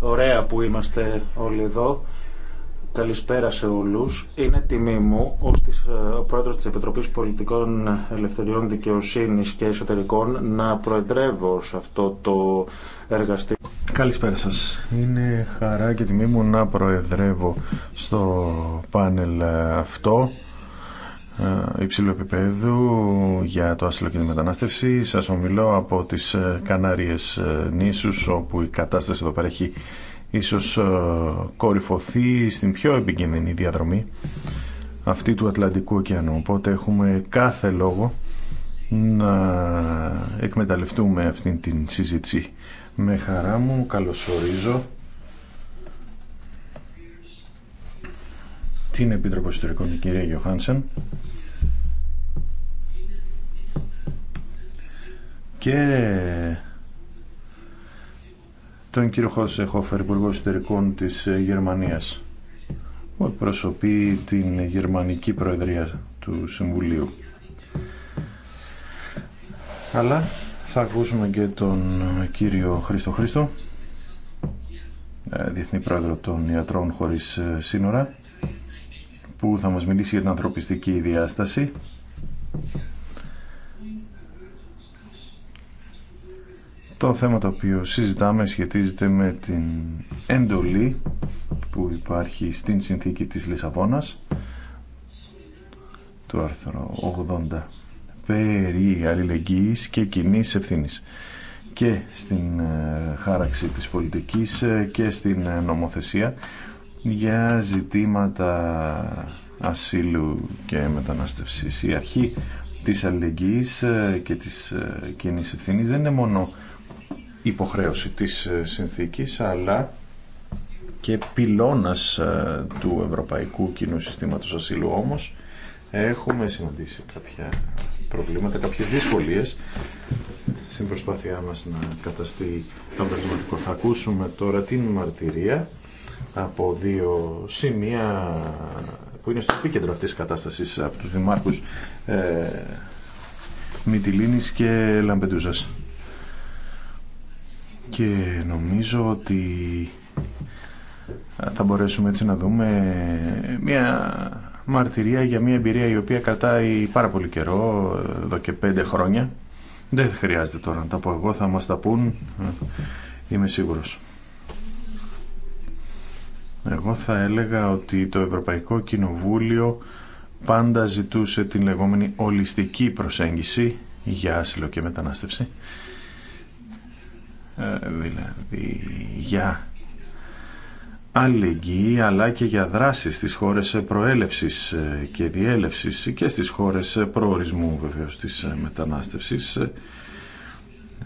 Ωραία που είμαστε όλοι εδώ. Καλησπέρα σε όλους. Είναι τιμή μου ως της, ε, ο πρόεδρος της Πολιτικών Ελευθεριών Δικαιοσύνης και Εσωτερικών να προεδρεύω σε αυτό το εργαστήριο. Καλησπέρα σας. Είναι χαρά και τιμή μου να προεδρεύω στο πάνελ αυτό ε, υψηλού επίπεδου για το άσυλο και τη μετανάστευση. Σας ομιλώ από τις ε, Κανάριες ε, νήσους όπου η κατάσταση εδώ παρέχει ίσως κορυφωθεί στην πιο επικίνδυνη διαδρομή αυτή του Ατλαντικού ωκεανού. Οπότε έχουμε κάθε λόγο να εκμεταλλευτούμε αυτήν την συζήτηση. Με χαρά μου καλωσορίζω την Επίτροπο Ιστορικών, την κυρία Γιωχάνσεν και τον κύριο Χώσε Χόφερ, Υπουργό Ιστορικών της Γερμανίας που εκπροσωπεί την Γερμανική Προεδρία του Συμβουλίου. Αλλά θα ακούσουμε και τον κύριο Χρήστο Χρήστο, ε, Διεθνή Πρόεδρο των Ιατρών Χωρίς ε, Σύνορα που θα μας μιλήσει για την ανθρωπιστική διάσταση. Το θέμα το οποίο συζητάμε σχετίζεται με την εντολή που υπάρχει στην συνθήκη της Λισαβόνας του άρθρο 80 περί αλληλεγγύης και κοινή ευθύνη και στην ε, χάραξη της πολιτικής ε, και στην ε, νομοθεσία για ζητήματα ασύλου και μετανάστευσης. Η αρχή της αλληλεγγύης ε, και της ε, κοινή ευθύνη δεν είναι μόνο υποχρέωση της ε, συνθήκης, αλλά και πυλώνας του Ευρωπαϊκού Κοινού Συστήματος Ασύλου. Όμως έχουμε συναντήσει κάποια προβλήματα, κάποιες δυσκολίες στην προσπάθειά μας να καταστεί το πραγματικό. Θα ακούσουμε τώρα την μαρτυρία από δύο σημεία που είναι στο επίκεντρο αυτής της κατάστασης από τους δημάρχους ε, και Λαμπεντούζας. Και νομίζω ότι θα μπορέσουμε έτσι να δούμε μια μαρτυρία για μια εμπειρία η οποία κρατάει πάρα πολύ καιρό, εδώ και πέντε χρόνια. Δεν χρειάζεται τώρα να τα πω εγώ, θα μας τα πούν, είμαι σίγουρος. Εγώ θα έλεγα ότι το Ευρωπαϊκό Κοινοβούλιο πάντα ζητούσε την λεγόμενη ολιστική προσέγγιση για άσυλο και μετανάστευση. Ε, δηλαδή για αλληλεγγύη αλλά και για δράσεις στις χώρες προέλευσης ε, και διέλευσης και στις χώρες προορισμού βεβαίως της μετανάστευσης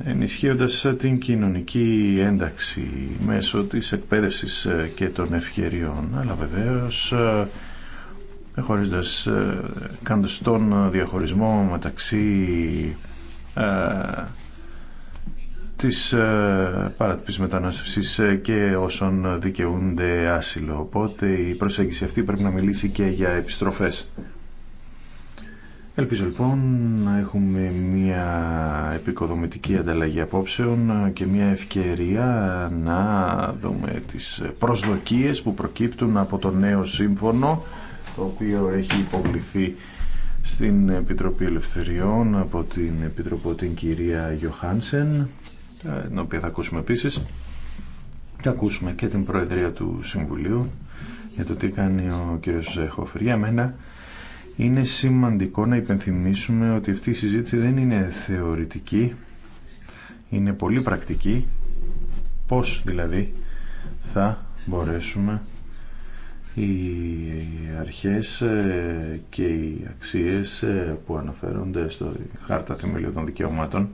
ενισχύοντας την κοινωνική ένταξη μέσω της εκπαίδευσης και των ευκαιριών αλλά βεβαίως ε, χωρίζοντας ε, κάνοντας τον διαχωρισμό μεταξύ ε, της ε, παρατυπής μετανάστευσης και όσων δικαιούνται άσυλο οπότε η προσέγγιση αυτή πρέπει να μιλήσει και για επιστροφές Ελπίζω λοιπόν να έχουμε μια επικοδομητική ανταλλαγή απόψεων και μια ευκαιρία να δούμε τις προσδοκίες που προκύπτουν από το νέο σύμφωνο το οποίο έχει υποβληθεί στην Επιτροπή Ελευθεριών από την Επιτροπή την κυρία Γιωχάνσεν την οποία θα ακούσουμε επίσης και ακούσουμε και την Προεδρία του Συμβουλίου για το τι κάνει ο κύριος Ζέχοφερ. Για είναι σημαντικό να υπενθυμίσουμε ότι αυτή η συζήτηση δεν είναι θεωρητική, είναι πολύ πρακτική. Πώς δηλαδή θα μπορέσουμε οι αρχές ε, και οι αξίες ε, που αναφέρονται στο χάρτα θεμελιωδών δικαιωμάτων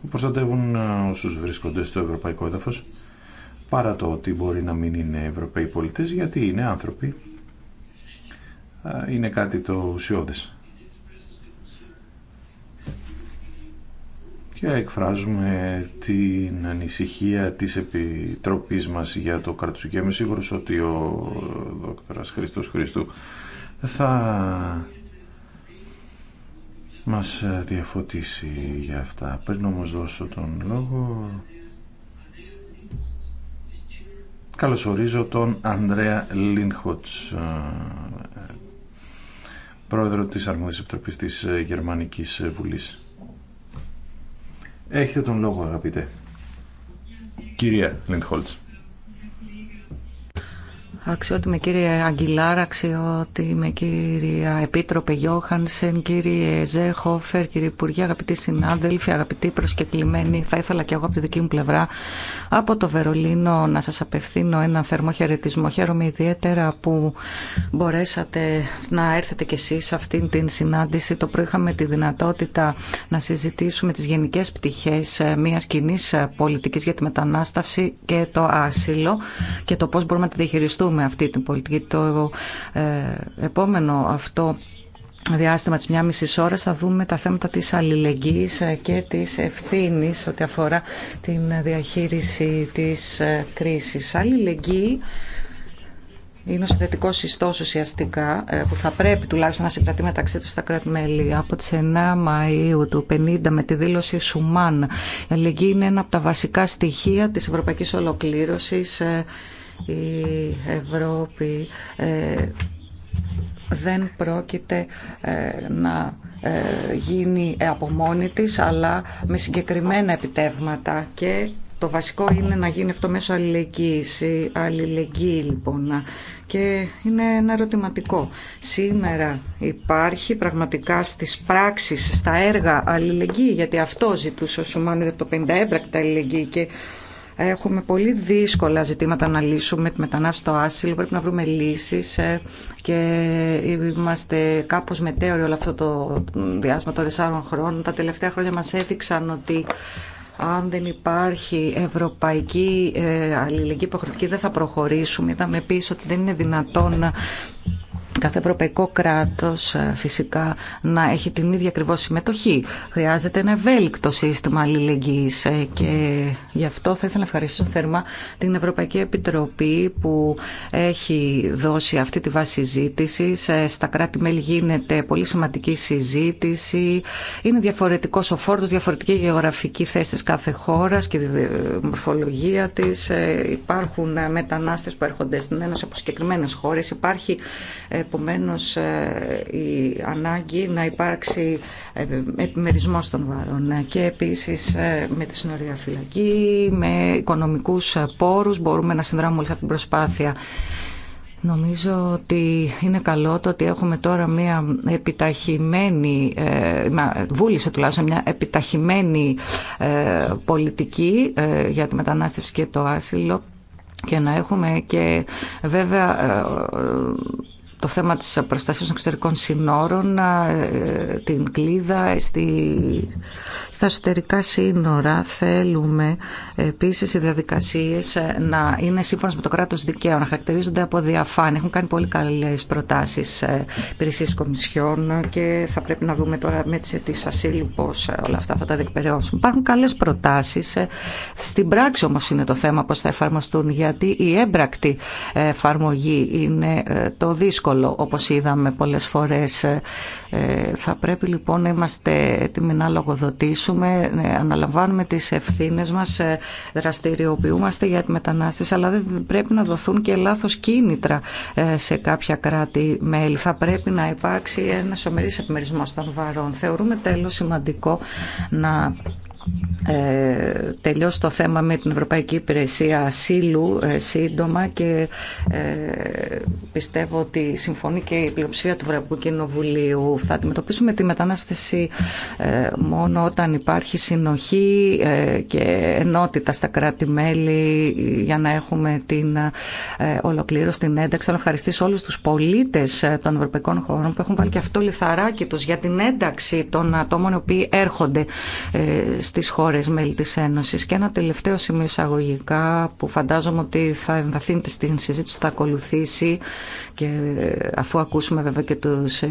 που προστατεύουν ε, όσους βρίσκονται στο ευρωπαϊκό έδαφος παρά το ότι μπορεί να μην είναι ευρωπαίοι πολίτες γιατί είναι άνθρωποι είναι κάτι το ουσιώδες. Και εκφράζουμε την ανησυχία της Επιτροπής μας για το κράτος και είμαι σίγουρος ότι ο δόκτωρας Χριστός Χριστού θα μας διαφωτίσει για αυτά. Πριν όμως δώσω τον λόγο, καλωσορίζω τον Ανδρέα Λίνχοτς, πρόεδρο της Αρμόδιας Επιτροπής της ε, Γερμανικής ε, Βουλής. Έχετε τον λόγο αγαπητέ. Κυρία Λιντχόλτς. Αξιότιμη κύριε Αγγιλάρα, αξιότιμη κύριε Επίτροπε Γιώχανσεν, κύριε Ζέχοφερ, κύριε Υπουργέ, αγαπητοί συνάδελφοι, αγαπητοί προσκεκλημένοι, θα ήθελα και εγώ από τη δική μου πλευρά από το Βερολίνο να σας απευθύνω ένα θερμό χαιρετισμό. Χαίρομαι ιδιαίτερα που μπορέσατε να έρθετε κι εσείς σε αυτήν την συνάντηση. Το πρωί είχαμε τη δυνατότητα να συζητήσουμε τις γενικές πτυχές ε, μιας κοινή ε, πολιτικής για τη μετανάστευση και το άσυλο και το πώς μπορούμε να τη διαχειριστούμε δούμε αυτή την πολιτική. Το ε, επόμενο αυτό διάστημα της μια μισή ώρα θα δούμε τα θέματα της αλληλεγγύης ε, και της ευθύνης ό,τι αφορά την διαχείριση της ε, κρίσης. Αλληλεγγύη είναι ο συνδετικό ιστό ουσιαστικά που θα πρέπει τουλάχιστον να συγκρατεί μεταξύ του τα κράτη-μέλη. Από τι 9 Μαου του 50 με τη δήλωση Σουμάν, η αλληλεγγύη είναι ένα από τα βασικά στοιχεία τη ευρωπαϊκή ολοκλήρωση η Ευρώπη ε, δεν πρόκειται ε, να ε, γίνει από μόνη της αλλά με συγκεκριμένα επιτεύγματα και το βασικό είναι να γίνει αυτό μέσω αλληλεγγύης, αλληλεγγύη λοιπόν. Και είναι ένα ερωτηματικό. Σήμερα υπάρχει πραγματικά στις πράξεις, στα έργα αλληλεγγύη, γιατί αυτό ζητούσε ο Σουμάνι το 50 έμπρακτα αλληλεγγύη και Έχουμε πολύ δύσκολα ζητήματα να λύσουμε τη μετανάστευση στο άσυλο. Πρέπει να βρούμε λύσει ε, και είμαστε κάπω μετέωροι όλο αυτό το διάστημα των τεσσάρων χρόνων. Τα τελευταία χρόνια μα έδειξαν ότι αν δεν υπάρχει ευρωπαϊκή ε, αλληλεγγύη υποχρεωτική δεν θα προχωρήσουμε. Είδαμε επίση ότι δεν είναι δυνατόν κάθε ευρωπαϊκό κράτος ε, φυσικά να έχει την ίδια ακριβώς συμμετοχή. Χρειάζεται ένα ευέλικτο σύστημα αλληλεγγύης ε, και γι' αυτό θα ήθελα να ευχαριστήσω θερμά την Ευρωπαϊκή Επιτροπή που έχει δώσει αυτή τη βάση συζήτηση. Ε, στα κράτη-μέλη γίνεται πολύ σημαντική συζήτηση. Είναι διαφορετικός ο φόρτος, διαφορετική γεωγραφική θέση της κάθε χώρας και τη μορφολογία της. Υπάρχουν μετανάστες που έρχονται στην Ένωση από συγκεκριμένε χώρες. Υπάρχει επομένως ε, η ανάγκη να υπάρξει ε, επιμερισμός των βάρων και επίσης ε, με τη συνοριαφυλακή, φυλακή, με οικονομικούς πόρους μπορούμε να συνδράμουμε όλη αυτή την προσπάθεια. Νομίζω ότι είναι καλό το ότι έχουμε τώρα μια επιταχυμένη, βούλησε τουλάχιστον μια επιταχυμένη πολιτική για τη μετανάστευση και το άσυλο και να έχουμε και βέβαια το θέμα της προστασίας των εξωτερικών συνόρων, ε, ε, την κλίδα ε, στη, στα εσωτερικά σύνορα. Θέλουμε επίσης οι διαδικασίες να είναι σύμφωνα με το κράτος δικαίου, να χαρακτηρίζονται από διαφάνεια. Έχουν κάνει πολύ καλές προτάσεις υπηρεσίες κομισιών και θα πρέπει να δούμε τώρα με τις ασύλου πώς όλα αυτά θα τα διεκπαιρεώσουν. Υπάρχουν καλές προτάσεις. Στην πράξη όμως είναι το θέμα πώς θα εφαρμοστούν γιατί η έμπρακτη εφαρμογή είναι το δύσκολο δύσκολο όπως είδαμε πολλές φορές. Ε, θα πρέπει λοιπόν να είμαστε έτοιμοι να λογοδοτήσουμε, ε, αναλαμβάνουμε τις ευθύνες μας, ε, δραστηριοποιούμαστε για τη μετανάστευση, αλλά δεν πρέπει να δοθούν και λάθος κίνητρα σε κάποια κράτη-μέλη. Θα πρέπει να υπάρξει ένα σομερής επιμερισμός των βαρών. Θεωρούμε τέλος σημαντικό να ε, τελειώσει το θέμα με την Ευρωπαϊκή Υπηρεσία Ασύλου ε, σύντομα και ε, πιστεύω ότι συμφωνεί και η πλειοψηφία του Ευρωπαϊκού Κοινοβουλίου. Θα αντιμετωπίσουμε τη μετανάστευση ε, μόνο όταν υπάρχει συνοχή ε, και ενότητα στα κράτη-μέλη για να έχουμε την ολοκλήρωση, την ένταξη. Θα ευχαριστήσω όλους τους πολίτες των ευρωπαϊκών χωρών που έχουν βάλει και αυτό λιθαράκι τους για την ένταξη των ατόμων οι οποίοι έρχονται στις χώρες μέλη της Ένωσης. Και ένα τελευταίο σημείο εισαγωγικά που φαντάζομαι ότι θα εμβαθύνεται στην συζήτηση που θα ακολουθήσει και ε, αφού ακούσουμε βέβαια και τους, ε,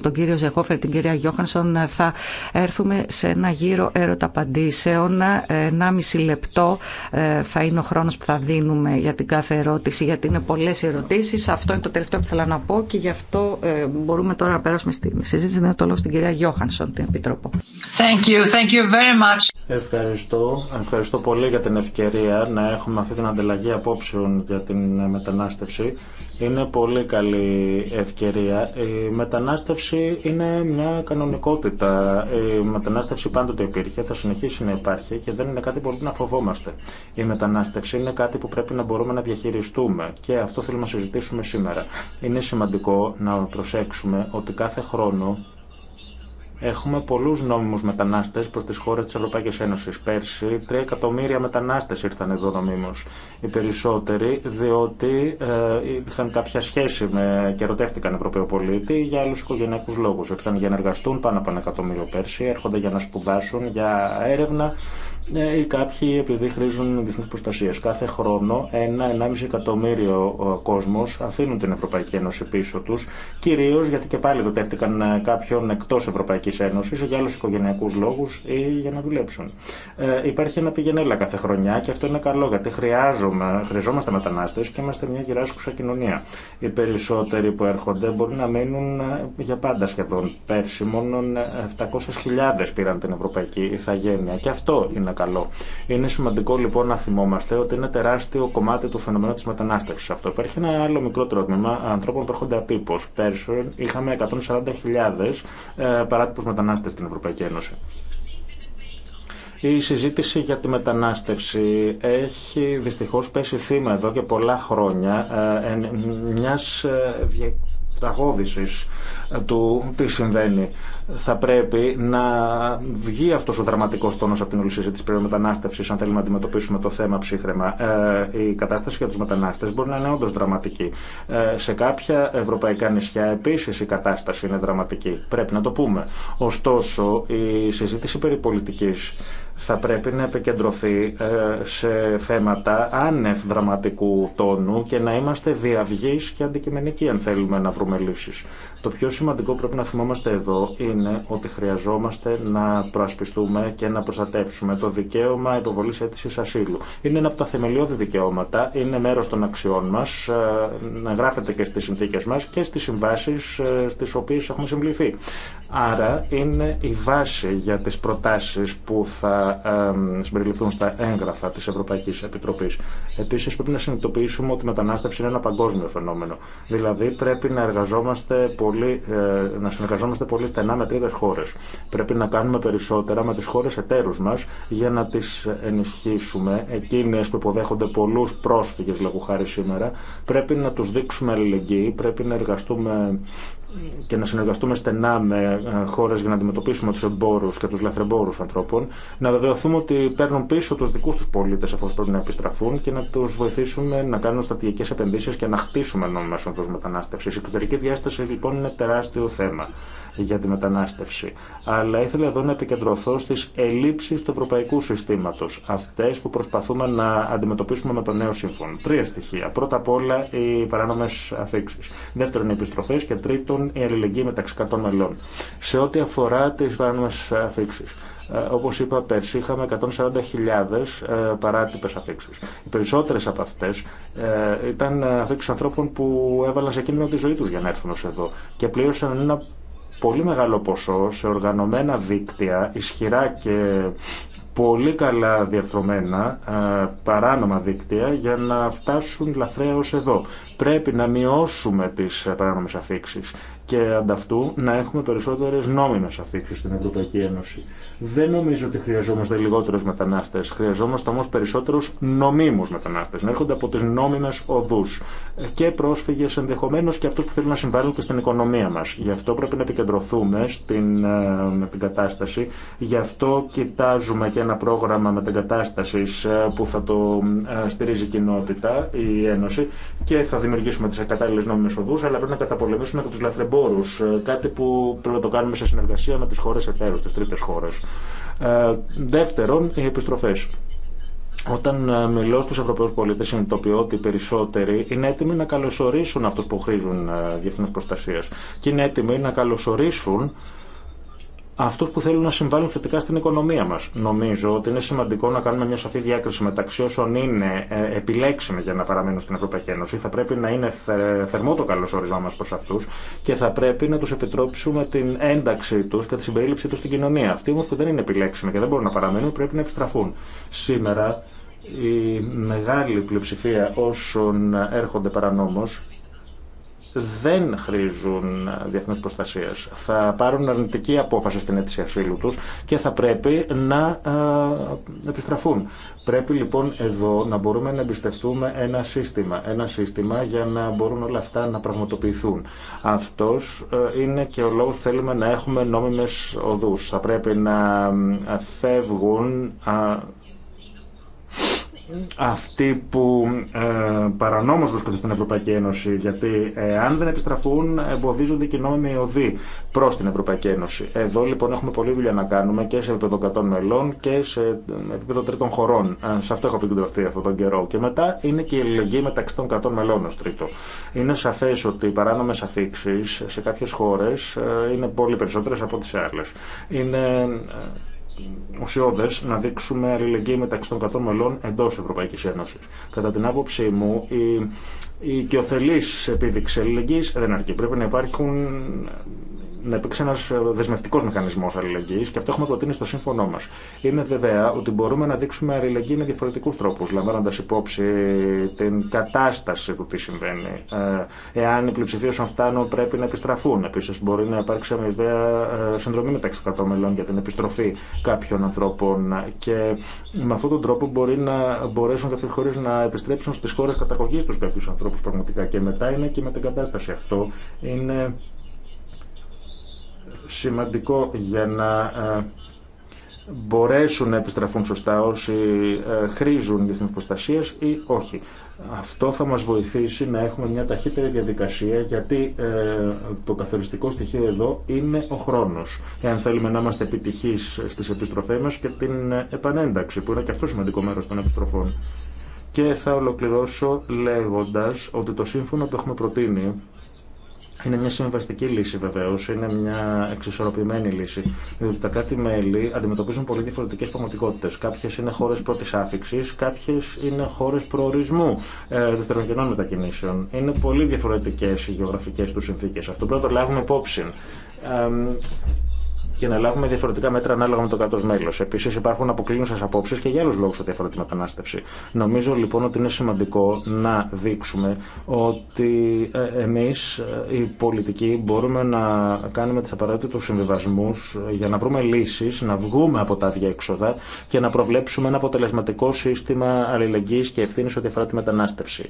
τον κύριο Ζεχόφερ, την κυρία Γιώχανσον ε, θα έρθουμε σε ένα γύρο έρωτα απαντήσεων. ένα μισή λεπτό θα είναι ο χρόνος που θα δίνουμε για την κάθε ερώτηση γιατί είναι πολλές ερωτήσεις. Αυτό είναι το τελευταίο που θέλω να πω και γι' αυτό μπορούμε τώρα να περάσουμε στη συζήτηση. Δεν το λόγο στην κυρία Γιώχανσον, την Επιτρόπο. Thank you. Thank you very Ευχαριστώ. Ευχαριστώ πολύ για την ευκαιρία να έχουμε αυτή την ανταλλαγή απόψεων για την μετανάστευση. Είναι πολύ καλή ευκαιρία. Η μετανάστευση είναι μια κανονικότητα. Η μετανάστευση πάντοτε υπήρχε, θα συνεχίσει να υπάρχει και δεν είναι κάτι πολύ να φοβόμαστε. Η μετανάστευση είναι κάτι που πρέπει να μπορούμε να διαχειριστούμε και αυτό θέλουμε να συζητήσουμε σήμερα. Είναι σημαντικό να προσέξουμε ότι κάθε χρόνο Έχουμε πολλούς νόμιμους μετανάστες προς τις χώρες της Ευρωπαϊκής Ένωσης. Πέρσι, 3 εκατομμύρια μετανάστες ήρθαν εδώ νομίμως. Οι περισσότεροι, διότι ε, είχαν κάποια σχέση με, και ερωτεύτηκαν Ευρωπαίο πολίτη για άλλους οικογενειακούς λόγους. Ήρθαν για να εργαστούν πάνω από ένα εκατομμύριο πέρσι, έρχονται για να σπουδάσουν, για έρευνα ε, ή κάποιοι επειδή διεθνού διεθνούς προστασία. Κάθε χρόνο ένα-ενάμιση εκατομμύριο κόσμο αφήνουν την Ευρωπαϊκή Ένωση πίσω του. Κυρίω γιατί και πάλι δοτεύτηκαν ε, κάποιον εκτό Ευρωπαϊκή Ένωση ή για άλλου οικογενειακού λόγου ή για να δουλέψουν. Ε, υπάρχει ένα πηγενέλα κάθε χρονιά και αυτό είναι καλό γιατί χρειαζόμαστε μετανάστε και είμαστε μια γυράσκουσα κοινωνία. Οι περισσότεροι που έρχονται μπορεί να μείνουν ε, για πάντα σχεδόν. Πέρσι μόνο 700.000 πήραν την Ευρωπαϊκή Ιθαγένεια και αυτό είναι είναι σημαντικό λοιπόν να θυμόμαστε ότι είναι τεράστιο κομμάτι του φαινομένου τη μετανάστευση αυτό. Υπάρχει ένα άλλο μικρότερο τμήμα ανθρώπων που έρχονται ατύπω. Πέρσι είχαμε 140.000 ε, παράτυπου μετανάστε στην Ευρωπαϊκή Ένωση. Η συζήτηση για τη μετανάστευση έχει δυστυχώς πέσει θύμα εδώ και πολλά χρόνια ε, μιας ε, τραγώδησης ε, του τι συμβαίνει. Θα πρέπει να βγει αυτός ο δραματικός τόνος από την όλη συζήτηση τη μετανάστευσης αν θέλουμε να αντιμετωπίσουμε το θέμα ψύχρεμα. Ε, η κατάσταση για τους μετανάστες μπορεί να είναι όντως δραματική. Ε, σε κάποια ευρωπαϊκά νησιά επίσης η κατάσταση είναι δραματική. Πρέπει να το πούμε. Ωστόσο η συζήτηση περί πολιτικής θα πρέπει να επικεντρωθεί ε, σε θέματα άνευ δραματικού τόνου και να είμαστε διαυγείς και αντικειμενικοί αν θέλουμε να βρούμε λύσεις. Το πιο σημαντικό πρέπει να θυμόμαστε εδώ είναι ότι χρειαζόμαστε να προασπιστούμε και να προστατεύσουμε το δικαίωμα υποβολής αίτησης ασύλου. Είναι ένα από τα θεμελιώδη δικαιώματα, είναι μέρος των αξιών μας, ε, γράφεται και στις συνθήκες μας και στις συμβάσεις ε, στις οποίες έχουμε συμπληθεί. Άρα είναι η βάση για τις προτάσεις που θα συμπεριληφθούν στα έγγραφα της Ευρωπαϊκής Επιτροπής. Επίσης πρέπει να συνειδητοποιήσουμε ότι η μετανάστευση είναι ένα παγκόσμιο φαινόμενο. Δηλαδή πρέπει να, εργαζόμαστε πολύ, ε, να συνεργαζόμαστε πολύ στενά με τρίτες χώρες. Πρέπει να κάνουμε περισσότερα με τις χώρες εταίρους μας για να τις ενισχύσουμε. Εκείνες που υποδέχονται πολλούς πρόσφυγες λόγω χάρη σήμερα πρέπει να τους δείξουμε αλληλεγγύη, πρέπει να εργαστούμε και να συνεργαστούμε στενά με ε, χώρες για να αντιμετωπίσουμε τους εμπόρους και τους λαθρεμπόρους ανθρώπων, να βεβαιωθούμε ότι παίρνουν πίσω τους δικούς τους πολίτες αφού πρέπει να επιστραφούν και να τους βοηθήσουμε να κάνουν στρατηγικές επενδύσεις και να χτίσουμε μέσω του μετανάστευση. Η εξωτερική διάσταση λοιπόν είναι τεράστιο θέμα για τη μετανάστευση. Αλλά ήθελα εδώ να επικεντρωθώ στις ελλείψεις του ευρωπαϊκού συστήματο, αυτέ που προσπαθούμε να αντιμετωπίσουμε με το νέο σύμφωνο. Τρία στοιχεία. Πρώτα απ' όλα οι παράνομε αφήξει. Δεύτερον οι επιστροφέ και τρίτον η αλληλεγγύη μεταξύ κρατών μελών. Σε ό,τι αφορά τις παράνομες αφήξει. Ε, Όπω είπα πέρσι, είχαμε 140.000 παράτυπε αφήξει. Οι περισσότερε από αυτέ ε, ήταν αφήξει ανθρώπων που έβαλαν σε κίνδυνο τη ζωή του για να έρθουν ω εδώ και πλήρωσαν ένα πολύ μεγάλο ποσό σε οργανωμένα δίκτυα, ισχυρά και πολύ καλά διαρθρωμένα ε, παράνομα δίκτυα για να φτάσουν λαθρέως εδώ. Πρέπει να μειώσουμε τις ε, παράνομες αφήξεις και ανταυτού να έχουμε περισσότερες νόμιμες αφήξεις στην Ευρωπαϊκή Ένωση. Δεν νομίζω ότι χρειαζόμαστε λιγότερου μετανάστε. Χρειαζόμαστε όμω περισσότερου νομίμου μετανάστε. Να έρχονται από τι νόμιμε οδού. Και πρόσφυγε ενδεχομένω και αυτού που θέλουν να συμβάλλουν και στην οικονομία μα. Γι' αυτό πρέπει να επικεντρωθούμε στην επικατάσταση. Γι' αυτό κοιτάζουμε και ένα πρόγραμμα μετεγκατάσταση ε, που θα το ε, στηρίζει η κοινότητα, η Ένωση. Και θα δημιουργήσουμε τι κατάλληλε νόμιμε οδού. Αλλά πρέπει να καταπολεμήσουμε και του λαθρεμπόρου. Ε, κάτι που πρέπει να το κάνουμε σε συνεργασία με τι χώρε εταίρου, τι τρίτε χώρε. Ε, δεύτερον, οι επιστροφέ. Όταν ε, μιλώ στου Ευρωπαίου πολίτε, συνειδητοποιώ ότι οι περισσότεροι είναι έτοιμοι να καλωσορίσουν αυτούς που χρήζουν ε, διεθνού προστασία και είναι έτοιμοι να καλωσορίσουν αυτού που θέλουν να συμβάλλουν θετικά στην οικονομία μα. Νομίζω ότι είναι σημαντικό να κάνουμε μια σαφή διάκριση μεταξύ όσων είναι ε, επιλέξιμοι για να παραμείνουν στην Ευρωπαϊκή Ένωση. Θα πρέπει να είναι θερμό το καλό όρισμά μα προ αυτού και θα πρέπει να του επιτρόψουμε την ένταξή του και τη συμπερίληψή του στην κοινωνία. Αυτοί όμω που δεν είναι επιλέξιμοι και δεν μπορούν να παραμείνουν πρέπει να επιστραφούν. Σήμερα η μεγάλη πλειοψηφία όσων έρχονται παρανόμως δεν χρήζουν διεθνούς προστασίες. Θα πάρουν αρνητική απόφαση στην αίτηση ασύλου τους και θα πρέπει να ε, επιστραφούν. Πρέπει λοιπόν εδώ να μπορούμε να εμπιστευτούμε ένα σύστημα. Ένα σύστημα για να μπορούν όλα αυτά να πραγματοποιηθούν. Αυτός ε, είναι και ο λόγος που θέλουμε να έχουμε νόμιμες οδούς. Θα πρέπει να ε, φεύγουν αυτοί που ε, παρανόμως βρίσκονται στην Ευρωπαϊκή Ένωση, γιατί ε, αν δεν επιστραφούν εμποδίζονται και νόμιμοι οδοί προς την Ευρωπαϊκή Ένωση. Εδώ λοιπόν έχουμε πολλή δουλειά να κάνουμε και σε επίπεδο κρατών μελών και σε επίπεδο τρίτων χωρών. Ε, σε αυτό έχω επικεντρωθεί αυτόν τον καιρό. Και μετά είναι και η ελληνική μεταξύ των κρατών μελών ως τρίτο. Είναι σαφές ότι οι παράνομες αφήξει σε κάποιες χώρες ε, είναι πολύ περισσότερες από τις άλλες. Είναι ε, ουσιώδε να δείξουμε αλληλεγγύη μεταξύ των 100 μελών εντό Ευρωπαϊκή Ένωση. Κατά την άποψή μου, η, η οικειοθελή επίδειξη αλληλεγγύη δεν αρκεί. Πρέπει να υπάρχουν να υπήρξε ένα ε, δεσμευτικό μηχανισμό αλληλεγγύη και αυτό έχουμε προτείνει στο σύμφωνό μα. Είναι βέβαια ότι μπορούμε να δείξουμε αλληλεγγύη με διαφορετικού τρόπου, λαμβάνοντα υπόψη την κατάσταση του τι συμβαίνει. Ε, εάν οι πλειοψηφίε σου φτάνουν πρέπει να επιστραφούν. Επίση, μπορεί να υπάρξει μια ιδέα ε, συνδρομή μεταξύ κρατών μελών για την επιστροφή κάποιων ανθρώπων και με αυτόν τον τρόπο μπορεί να μπορέσουν κάποιε χώρε να επιστρέψουν στι χώρε καταγωγή του κάποιου ανθρώπου πραγματικά. Και μετά είναι και με την κατάσταση αυτό. Είναι σημαντικό για να ε, μπορέσουν να επιστραφούν σωστά όσοι ε, χρήζουν διεθνούς προστασία ή όχι. Αυτό θα μας βοηθήσει να έχουμε μια ταχύτερη διαδικασία γιατί ε, το καθοριστικό στοιχείο εδώ είναι ο χρόνος. Εάν θέλουμε να είμαστε επιτυχείς στις επιστροφές μας και την επανένταξη που είναι και αυτό σημαντικό μέρος των επιστροφών. Και θα ολοκληρώσω λέγοντας ότι το σύμφωνο που έχουμε προτείνει είναι μια συμβαστική λύση βεβαίω, είναι μια εξισορροπημένη λύση. Διότι τα κράτη-μέλη αντιμετωπίζουν πολύ διαφορετικέ πραγματικότητε. Κάποιε είναι χώρε πρώτη άφηξη, κάποιε είναι χώρε προορισμού ε, δευτερογενών μετακινήσεων. Είναι πολύ διαφορετικέ οι γεωγραφικέ του συνθήκε. Αυτό πρέπει να το λάβουμε υπόψη και να λάβουμε διαφορετικά μέτρα ανάλογα με το κράτο μέλο. Επίση, υπάρχουν αποκλίνουσε απόψει και για άλλου λόγου ότι αφορά τη μετανάστευση. Νομίζω λοιπόν ότι είναι σημαντικό να δείξουμε ότι ε, εμεί ε, οι πολιτικοί μπορούμε να κάνουμε τι απαραίτητου συμβιβασμού ε, για να βρούμε λύσει, να βγούμε από τα διέξοδα και να προβλέψουμε ένα αποτελεσματικό σύστημα αλληλεγγύη και ευθύνη ό,τι αφορά τη μετανάστευση.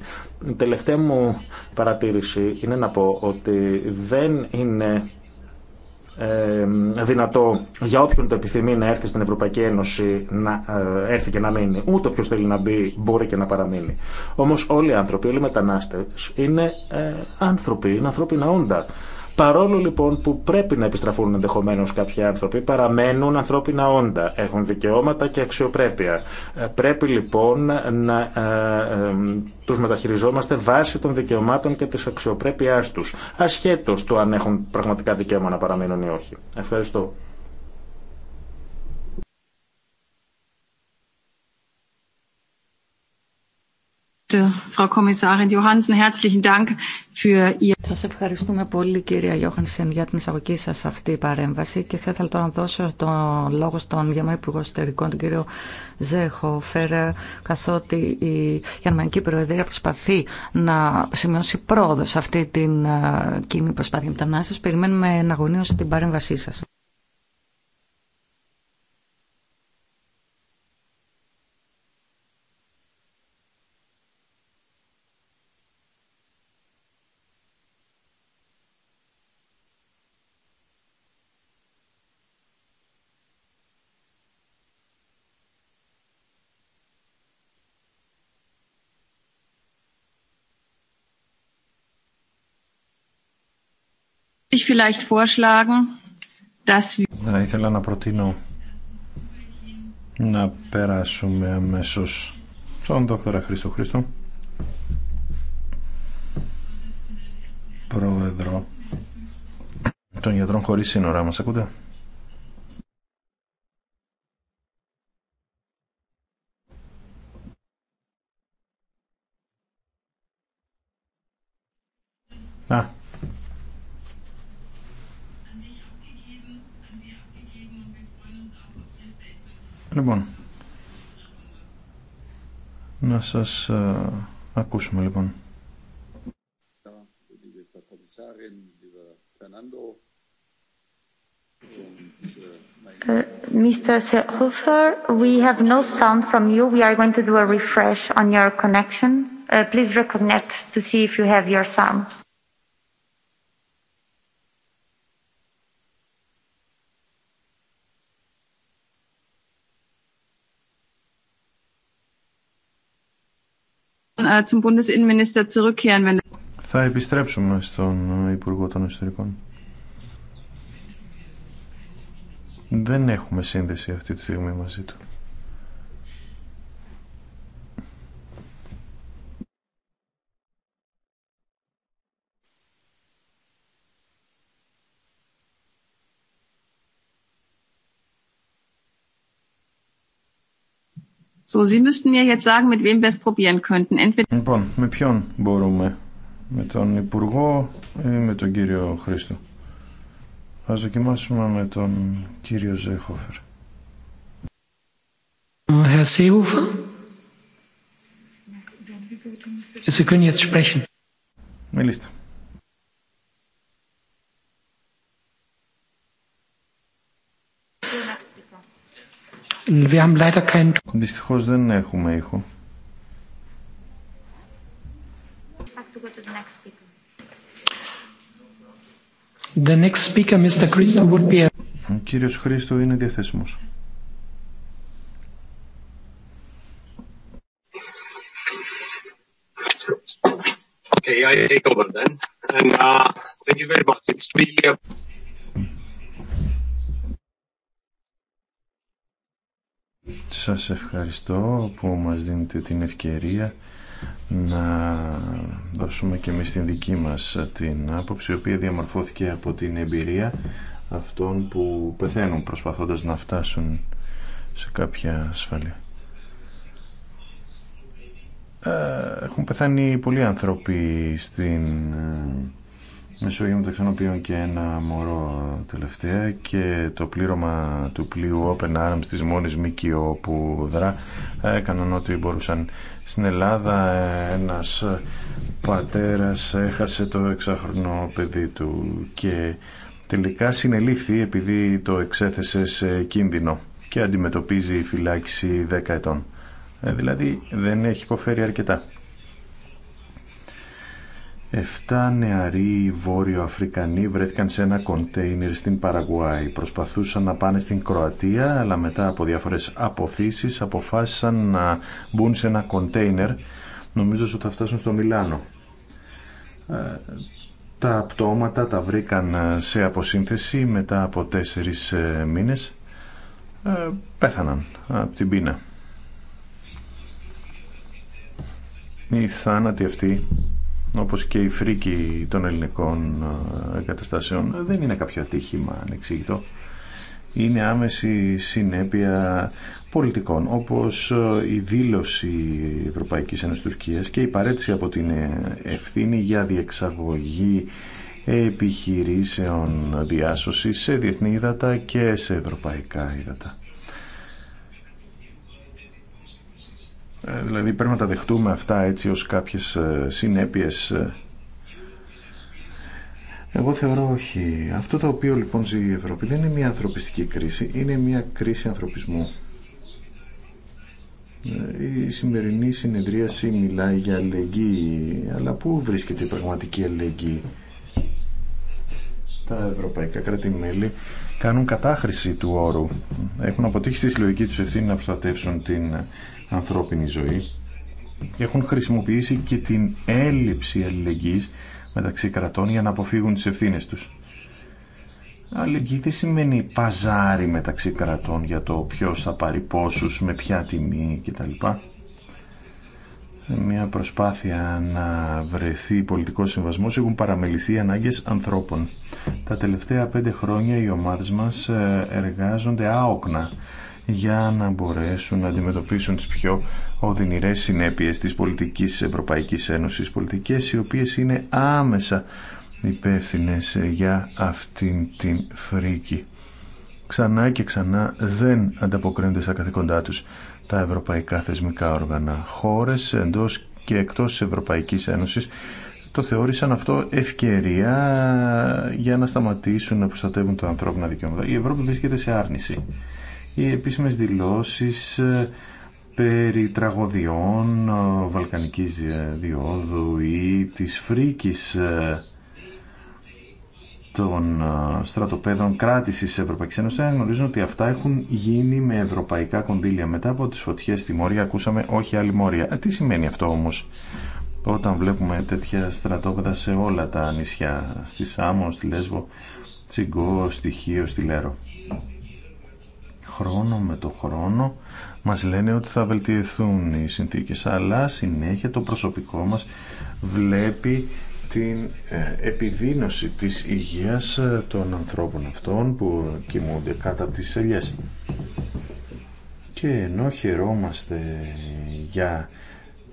Η τελευταία μου παρατήρηση είναι να πω ότι δεν είναι ε, δυνατό για όποιον το επιθυμεί να έρθει στην Ευρωπαϊκή Ένωση να ε, έρθει και να μείνει. Ούτε όποιο θέλει να μπει μπορεί και να παραμείνει. Όμω όλοι οι άνθρωποι, όλοι οι μετανάστε είναι ε, άνθρωποι, είναι ανθρώπινα όντα. Παρόλο λοιπόν που πρέπει να επιστραφούν ενδεχομένω κάποιοι άνθρωποι, παραμένουν ανθρώπινα όντα. Έχουν δικαιώματα και αξιοπρέπεια. Ε, πρέπει λοιπόν να ε, ε, τους μεταχειριζόμαστε βάσει των δικαιωμάτων και της αξιοπρέπεια τους, ασχέτως του αν έχουν πραγματικά δικαίωμα να παραμείνουν ή όχι. Ευχαριστώ. Äh, σα ευχαριστούμε πολύ κυρία Γιώχανσεν για την εισαγωγή σας αυτή η παρέμβαση και θα ήθελα τώρα να δώσω τον λόγο στον Γερμανό Υπουργό Εσωτερικών, τον κύριο Ζέχοφερ, καθότι η Γερμανική Προεδρία προσπαθεί να σημειώσει πρόοδο σε αυτή την ε, κοινή προσπάθεια μετανάστευση. Περιμένουμε εναγωνίω την παρέμβασή σα. ich vielleicht vorschlagen, dass wir... Να ήθελα να προτείνω να περάσουμε αμέσως στον δόκτωρα Χρήστο Χρήστο πρόεδρο των γιατρών χωρίς σύνορα μας ακούτε Α, Λοιπόν, να σας α, ακούσουμε λοιπόν. Mr. Sehofer we have no sound from you. We are going to do a refresh on your connection. Uh, please reconnect to see if you have your sound. Äh, er- Θα επιστρέψουμε στον Υπουργό των Ιστορικών. Δεν έχουμε σύνδεση αυτή τη στιγμή μαζί του. So, Sie müssten mir jetzt sagen, mit wem wir es probieren könnten. Entweder... Λοιπόν, με ποιον μπορούμε. Με τον Υπουργό ή με τον κύριο Χρήστο. Ας δοκιμάσουμε με τον κύριο Ζέχοφερ. Herr Seehofer? Sie können jetzt sprechen. Μιλήστε. Δυστυχώς δεν έχουμε ήχο. The next speaker, Mr. Christo, would be a... Ο κύριος Χρήστο είναι διαθέσιμος. Okay, I take over then. And uh, thank you very much. It's really a Σας ευχαριστώ που μας δίνετε την ευκαιρία να δώσουμε και εμείς την δική μας την άποψη, η οποία διαμορφώθηκε από την εμπειρία αυτών που πεθαίνουν προσπαθώντας να φτάσουν σε κάποια ασφαλεία. Ε, έχουν πεθάνει πολλοί άνθρωποι στην ε, Μεσογείο μεταξύ των οποίων και ένα μωρό τελευταία και το πλήρωμα του πλοίου Open Arms της μόνης ΜΚΟ που δρά ε, έκαναν ό,τι μπορούσαν. Στην Ελλάδα ένας πατέρας έχασε το εξάχρονο παιδί του και τελικά συνελήφθη επειδή το εξέθεσε σε κίνδυνο και αντιμετωπίζει φυλάκιση 10 ετών. Ε, δηλαδή δεν έχει υποφέρει αρκετά. Εφτά νεαροί Βόρειο Αφρικανοί βρέθηκαν σε ένα κοντέινερ στην Παραγουάη. Προσπαθούσαν να πάνε στην Κροατία, αλλά μετά από διάφορες αποθήσεις αποφάσισαν να μπουν σε ένα κοντέινερ, νομίζω ότι θα φτάσουν στο Μιλάνο. Ε, τα πτώματα τα βρήκαν ε, σε αποσύνθεση μετά από τέσσερις ε, μήνες. Πέθαναν από την πείνα. Οι θάνατοι αυτοί όπως και η φρίκη των ελληνικών ε, εγκαταστάσεων δεν είναι κάποιο ατύχημα ανεξήγητο είναι άμεση συνέπεια πολιτικών όπως ε, η δήλωση Ευρωπαϊκής Ένωσης Τουρκίας και η παρέτηση από την ε, ευθύνη για διεξαγωγή επιχειρήσεων διάσωσης σε διεθνή ύδατα και σε ευρωπαϊκά ύδατα. Ε, δηλαδή πρέπει να τα δεχτούμε αυτά έτσι ως κάποιες ε, συνέπειες. Ε. Εγώ θεωρώ όχι. Αυτό το οποίο λοιπόν ζει η Ευρώπη δεν είναι μια ανθρωπιστική κρίση, είναι μια κρίση ανθρωπισμού. Η σημερινή συνεδρίαση μιλάει για αλληλεγγύη, αλλά πού βρίσκεται η πραγματική αλληλεγγύη. Τα ευρωπαϊκά κράτη-μέλη κάνουν κατάχρηση του όρου. Έχουν αποτύχει στη συλλογική του ευθύνη να προστατεύσουν την ανθρώπινη ζωή έχουν χρησιμοποιήσει και την έλλειψη αλληλεγγύης μεταξύ κρατών για να αποφύγουν τις ευθύνες τους. Αλληλεγγύη δεν σημαίνει παζάρι μεταξύ κρατών για το ποιος θα πάρει πόσους, με ποια τιμή κτλ. Μια προσπάθεια να βρεθεί πολιτικός συμβασμός έχουν παραμεληθεί οι ανάγκες ανθρώπων. Τα τελευταία πέντε χρόνια οι ομάδες μας ε, εργάζονται άοκνα για να μπορέσουν να αντιμετωπίσουν τις πιο οδυνηρές συνέπειες της πολιτικής Ευρωπαϊκής Ένωσης, πολιτικές οι οποίες είναι άμεσα υπεύθυνε για αυτήν την φρίκη. Ξανά και ξανά δεν ανταποκρίνονται στα καθήκοντά τους τα ευρωπαϊκά θεσμικά όργανα. Χώρες εντός και εκτός της Ευρωπαϊκής Ένωσης το θεώρησαν αυτό ευκαιρία για να σταματήσουν να προστατεύουν τα ανθρώπινα δικαιώματα. Η Ευρώπη βρίσκεται σε άρνηση οι επίσημες δηλώσεις ε, περί τραγωδιών ε, βαλκανικής ε, διόδου ή της φρίκης των στρατοπέδων κράτησης της Ευρωπαϊκής Ένωσης γνωρίζουν ότι αυτά έχουν γίνει με ευρωπαϊκά κονδύλια. Μετά από τις φωτιές στη Μόρια ακούσαμε όχι άλλη Μόρια. Τι σημαίνει αυτό όμως όταν βλέπουμε τέτοια στρατόπεδα σε όλα τα νησιά, στη Σάμο, στη Λέσβο, στην στη Χίο, στη Λέρο χρόνο με το χρόνο μας λένε ότι θα βελτιωθούν οι συνθήκες αλλά συνέχεια το προσωπικό μας βλέπει την ε, επιδίνωση της υγείας ε, των ανθρώπων αυτών που κοιμούνται κάτω από τις ελιές. Και ενώ χαιρόμαστε για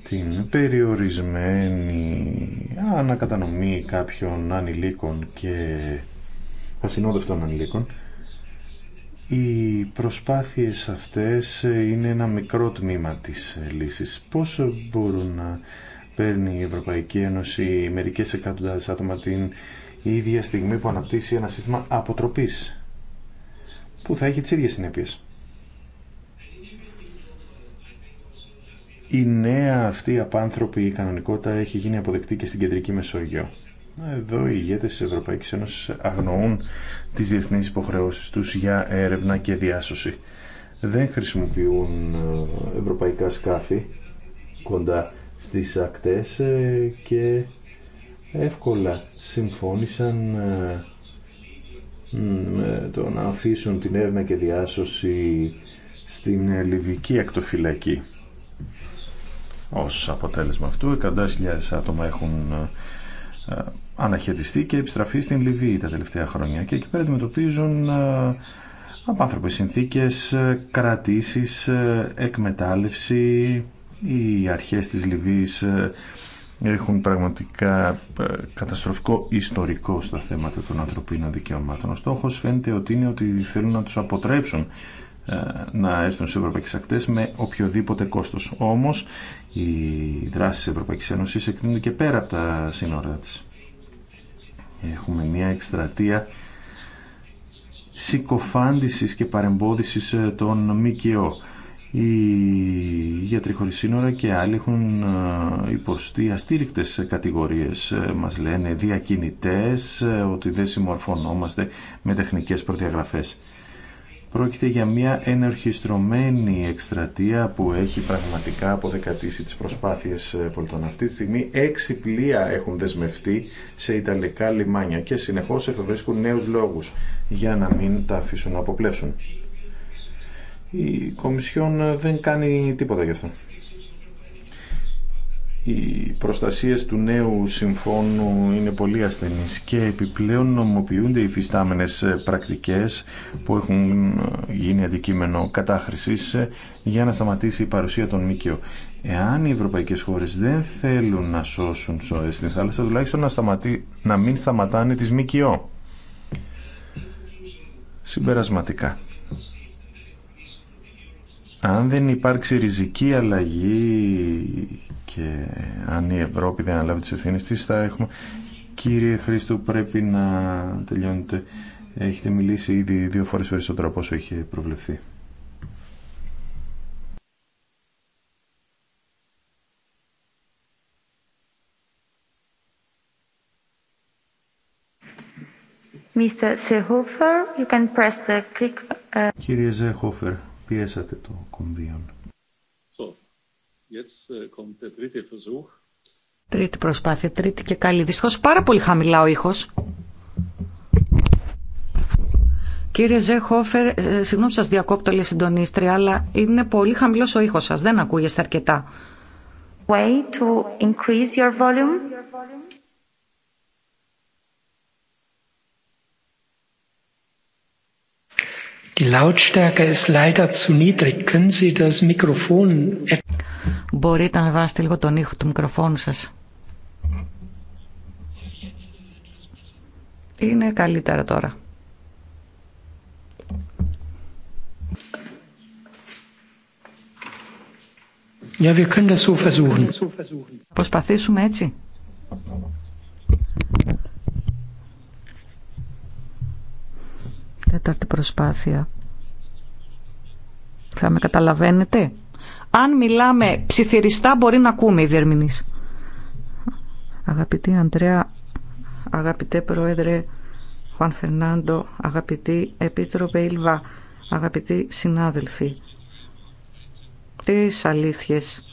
την περιορισμένη ανακατανομή κάποιων ανηλίκων και ασυνόδευτων ανηλίκων οι προσπάθειες αυτές είναι ένα μικρό τμήμα της λύσης. Πώς μπορούν να παίρνει η Ευρωπαϊκή Ένωση μερικές εκατοντάδες άτομα την ίδια στιγμή που αναπτύσσει ένα σύστημα αποτροπής που θα έχει τις ίδιες συνέπειες. Η νέα αυτή απάνθρωπη κανονικότητα έχει γίνει αποδεκτή και στην κεντρική Μεσόγειο. Εδώ οι ηγέτες τη Ευρωπαϊκή Ένωση αγνοούν τις διεθνείς υποχρεώσει τους για έρευνα και διάσωση. Δεν χρησιμοποιούν ε, ευρωπαϊκά σκάφη κοντά στις ακτές ε, και εύκολα συμφώνησαν ε, με το να αφήσουν την έρευνα και διάσωση στην Λιβική ακτοφυλακή. Ως αποτέλεσμα αυτού, 100.000 άτομα έχουν αναχαιριστεί και επιστραφεί στην Λιβύη τα τελευταία χρόνια και εκεί πέρα αντιμετωπίζουν ε, απάνθρωπες συνθήκες, ε, κρατήσεις, ε, εκμετάλλευση. Οι αρχές της Λιβύης έχουν πραγματικά καταστροφικό ιστορικό στα θέματα των ανθρωπίνων δικαιωμάτων. Ο στόχος φαίνεται ότι είναι ότι θέλουν να τους αποτρέψουν να έρθουν στις Ευρωπαϊκές Ακτές με οποιοδήποτε κόστος όμως οι δράσει της Ευρωπαϊκή Ένωση εκτείνονται και πέρα από τα σύνορά τη. Έχουμε μια εκστρατεία συκοφάντησης και παρεμπόδισης ε, των ΜΚΟ. Οι γιατροί χωρίς σύνορα και άλλοι έχουν ε, υποστεί αστήρικτες κατηγορίες, ε, μας λένε διακινητές, ότι δεν συμμορφωνόμαστε με τεχνικές προδιαγραφές. Πρόκειται για μια ενορχιστρωμένη εκστρατεία που έχει πραγματικά αποδεκατήσει τις προσπάθειες ε, πολιτών. Αυτή τη στιγμή έξι πλοία έχουν δεσμευτεί σε Ιταλικά λιμάνια και συνεχώς εφευρίσκουν νέους λόγους για να μην τα αφήσουν να αποπλέψουν. Η Κομισιόν ε, δεν κάνει τίποτα γι' αυτό οι προστασίες του νέου συμφώνου είναι πολύ ασθενείς και επιπλέον νομοποιούνται οι φυστάμενες πρακτικές που έχουν γίνει αντικείμενο κατάχρησης για να σταματήσει η παρουσία των ΜΚΟ. Εάν οι ευρωπαϊκές χώρες δεν θέλουν να σώσουν σώες στην θάλασσα, τουλάχιστον να, να μην σταματάνε τις ΜΚΟ. Συμπερασματικά. Αν δεν υπάρξει ριζική αλλαγή και αν η Ευρώπη δεν αναλάβει τις ευθύνες της, θα έχουμε... Κύριε Χρήστο, πρέπει να τελειώνετε. Έχετε μιλήσει ήδη δύο φορές περισσότερο από όσο είχε προβλεφθεί. Mr. you can press the click. Uh Κύριε Ζεχόφερ, πιέσατε το κονδύον. Äh, τρίτη προσπάθεια, τρίτη και καλή. Δυστυχώς πάρα πολύ χαμηλά ο ήχος. Κύριε Ζεχόφερ, ε, συγγνώμη σας διακόπτω λέει συντονίστρια, αλλά είναι πολύ χαμηλός ο ήχος σας, δεν ακούγεστε αρκετά. Way to increase your volume. Die Lautstärke ist leider Μπορείτε να βάσετε λίγο τον ήχο του μικροφόνου σας. Είναι καλύτερα τώρα. Ja, wir können das so versuchen. Προσπαθήσουμε έτσι. Τέταρτη προσπάθεια. Θα με καταλαβαίνετε. Αν μιλάμε ψιθυριστά μπορεί να ακούμε οι διερμηνείς. Αγαπητή Αντρέα, αγαπητέ Πρόεδρε Χουάν Φερνάντο, αγαπητή Επίτροπε Ήλβα, αγαπητοί συνάδελφοι. Τι αλήθειες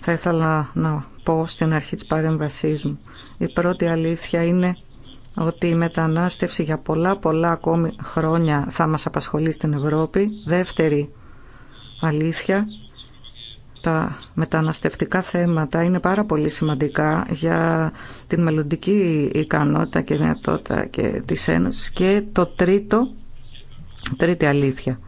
θα ήθελα να πω στην αρχή της παρέμβασής μου. Η πρώτη αλήθεια είναι ότι η μετανάστευση για πολλά πολλά ακόμη χρόνια θα μας απασχολεί στην Ευρώπη. Δεύτερη αλήθεια, τα μεταναστευτικά θέματα είναι πάρα πολύ σημαντικά για την μελλοντική ικανότητα και δυνατότητα και της Ένωσης. Και το τρίτο, τρίτη αλήθεια,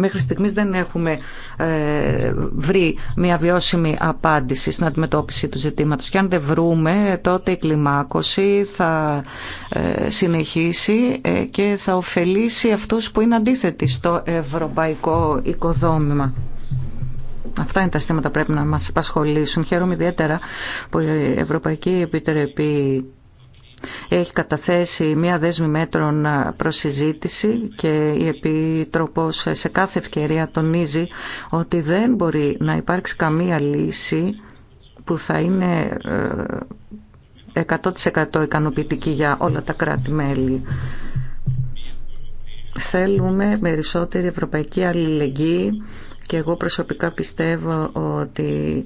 Μέχρι στιγμής δεν έχουμε ε, βρει μια βιώσιμη απάντηση στην αντιμετώπιση του ζητήματος και αν δεν βρούμε τότε η κλιμάκωση θα ε, συνεχίσει ε, και θα ωφελήσει αυτούς που είναι αντίθετοι στο ευρωπαϊκό οικοδόμημα. Αυτά είναι τα στήματα που πρέπει να μας απασχολήσουν. Χαίρομαι ιδιαίτερα που η Ευρωπαϊκή Επιτροπή έχει καταθέσει μία δέσμη μέτρων συζήτηση και η Επίτροπος σε κάθε ευκαιρία τονίζει ότι δεν μπορεί να υπάρξει καμία λύση που θα είναι 100% ε, ικανοποιητική για όλα τα κράτη-μέλη. Θέλουμε περισσότερη ευρωπαϊκή αλληλεγγύη και εγώ προσωπικά πιστεύω ότι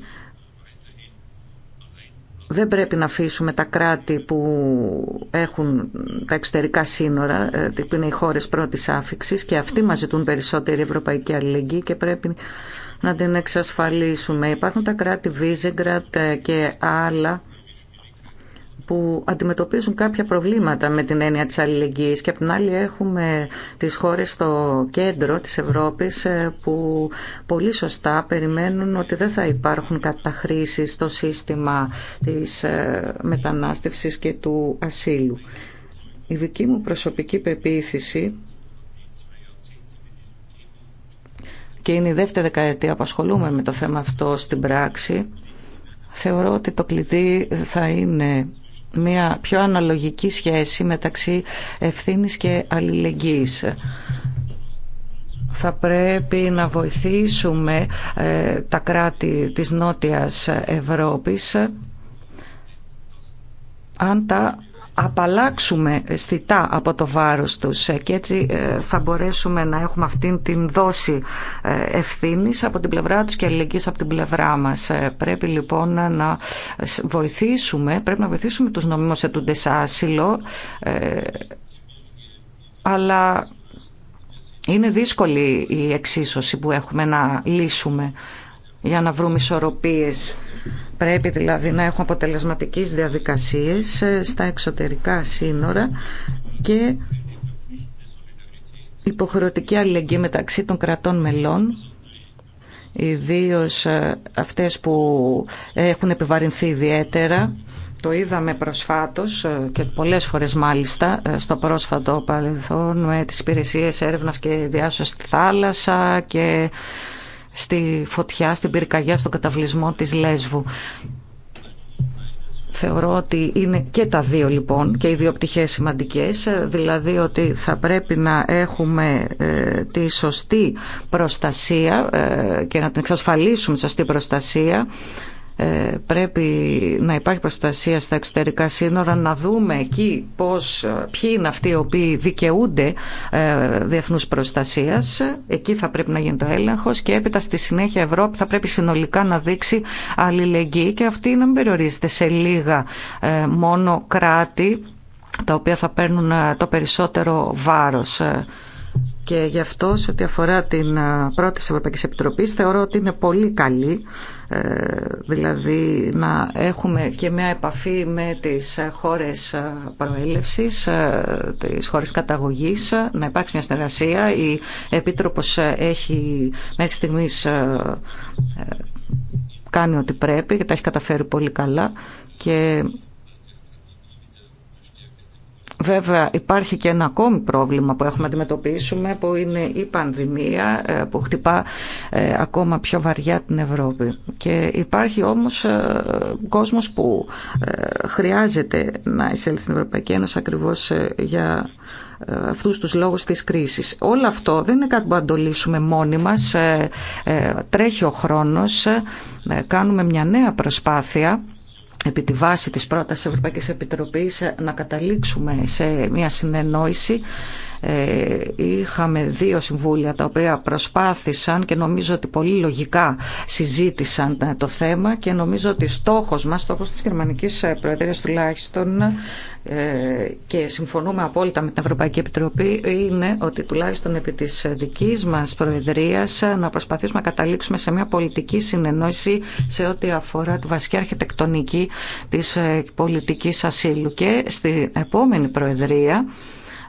δεν πρέπει να αφήσουμε τα κράτη που έχουν τα εξωτερικά σύνορα, ε, που είναι οι χώρε πρώτη άφηξη, και αυτοί μα ζητούν περισσότερη ευρωπαϊκή αλληλεγγύη και πρέπει να την εξασφαλίσουμε. Υπάρχουν τα κράτη Βίζεγκρατ ε, και άλλα που αντιμετωπίζουν κάποια προβλήματα με την έννοια της αλληλεγγύης και απ' την άλλη έχουμε τις χώρες στο κέντρο της Ευρώπης ε, που πολύ σωστά περιμένουν ότι δεν θα υπάρχουν καταχρήσεις στο σύστημα της ε, μετανάστευσης και του ασύλου. Η δική μου προσωπική πεποίθηση και είναι η δεύτερη δεκαετία που ασχολούμαι με το θέμα αυτό στην πράξη θεωρώ ότι το κλειδί θα είναι μια πιο αναλογική σχέση μεταξύ ευθύνης και αλληλεγγύης θα πρέπει να βοηθήσουμε ε, τα κράτη της Νότιας Ευρώπης αν τα απαλλάξουμε αισθητά από το βάρος τους ε, και έτσι ε, θα μπορέσουμε να έχουμε αυτήν την δόση ε, ευθύνης από την πλευρά τους και αλληλεγγύης από την πλευρά μας. Πρέπει λοιπόν να βοηθήσουμε, πρέπει να βοηθήσουμε τους νομίμους του άσυλο, αλλά είναι δύσκολη η εξίσωση που έχουμε να λύσουμε για να βρούμε ισορροπίες Πρέπει δηλαδή να έχουν αποτελεσματικές διαδικασίες ε, στα εξωτερικά σύνορα και υποχρεωτική αλληλεγγύη μεταξύ των κρατών μελών ιδίω ε, αυτές που έχουν επιβαρυνθεί ιδιαίτερα το είδαμε προσφάτως ε, και πολλές φορές μάλιστα στο πρόσφατο παρελθόν με τις υπηρεσίες έρευνας και διάσωσης στη θάλασσα και στη φωτιά, στην πυρκαγιά, στον καταβλισμό της Λέσβου. Θεωρώ ότι είναι και τα δύο λοιπόν και οι δύο πτυχές σημαντικές, δηλαδή ότι θα πρέπει να έχουμε ε, τη σωστή προστασία ε, και να την εξασφαλίσουμε σωστή προστασία ε, πρέπει να υπάρχει προστασία στα εξωτερικά σύνορα, να δούμε εκεί πώς, ποιοι είναι αυτοί οι οποίοι δικαιούνται ε, διεθνούς προστασίας. Εκεί θα πρέπει να γίνει το έλεγχος και έπειτα στη συνέχεια Ευρώπη θα πρέπει συνολικά να δείξει αλληλεγγύη και αυτή να μην περιορίζεται σε λίγα ε, μόνο κράτη τα οποία θα παίρνουν ε, το περισσότερο βάρος. Και γι' αυτό σε ό,τι αφορά την πρώτη της Ευρωπαϊκής Επιτροπής θεωρώ ότι είναι πολύ καλή ε, δηλαδή να έχουμε και μια επαφή με τις χώρες προέλευσης, τις χώρες καταγωγής, να υπάρξει μια συνεργασία. Η Επίτροπος έχει μέχρι στιγμής ε, κάνει ό,τι πρέπει και τα έχει καταφέρει πολύ καλά και Βέβαια υπάρχει και ένα ακόμη πρόβλημα που έχουμε να αντιμετωπίσουμε που είναι η πανδημία ε, που χτυπά ε, ακόμα πιο βαριά την Ευρώπη. Και υπάρχει όμως ε, κόσμος που χρειάζεται να εισέλθει στην Ευρωπαϊκή Ένωση ακριβώς για αυτούς τους λόγους της κρίσης. Όλο αυτό δεν είναι κάτι που αντολίσουμε μόνοι μας. Τρέχει ο χρόνος, κάνουμε μια νέα προσπάθεια επί τη βάση της πρότασης Ευρωπαϊκής Επιτροπής να καταλήξουμε σε μια συνεννόηση ε, είχαμε δύο συμβούλια τα οποία προσπάθησαν και νομίζω ότι πολύ λογικά συζήτησαν ε, το θέμα και νομίζω ότι στόχος μας, στόχος της Γερμανικής ε, Προεδρίας τουλάχιστον και συμφωνούμε απόλυτα με την Ευρωπαϊκή Επιτροπή είναι ότι τουλάχιστον επί της δικής μας Προεδρίας να προσπαθήσουμε να καταλήξουμε σε μια πολιτική συνεννόηση σε ό,τι αφορά τη βασική αρχιτεκτονική της πολιτικής ασύλου και στην επόμενη Προεδρία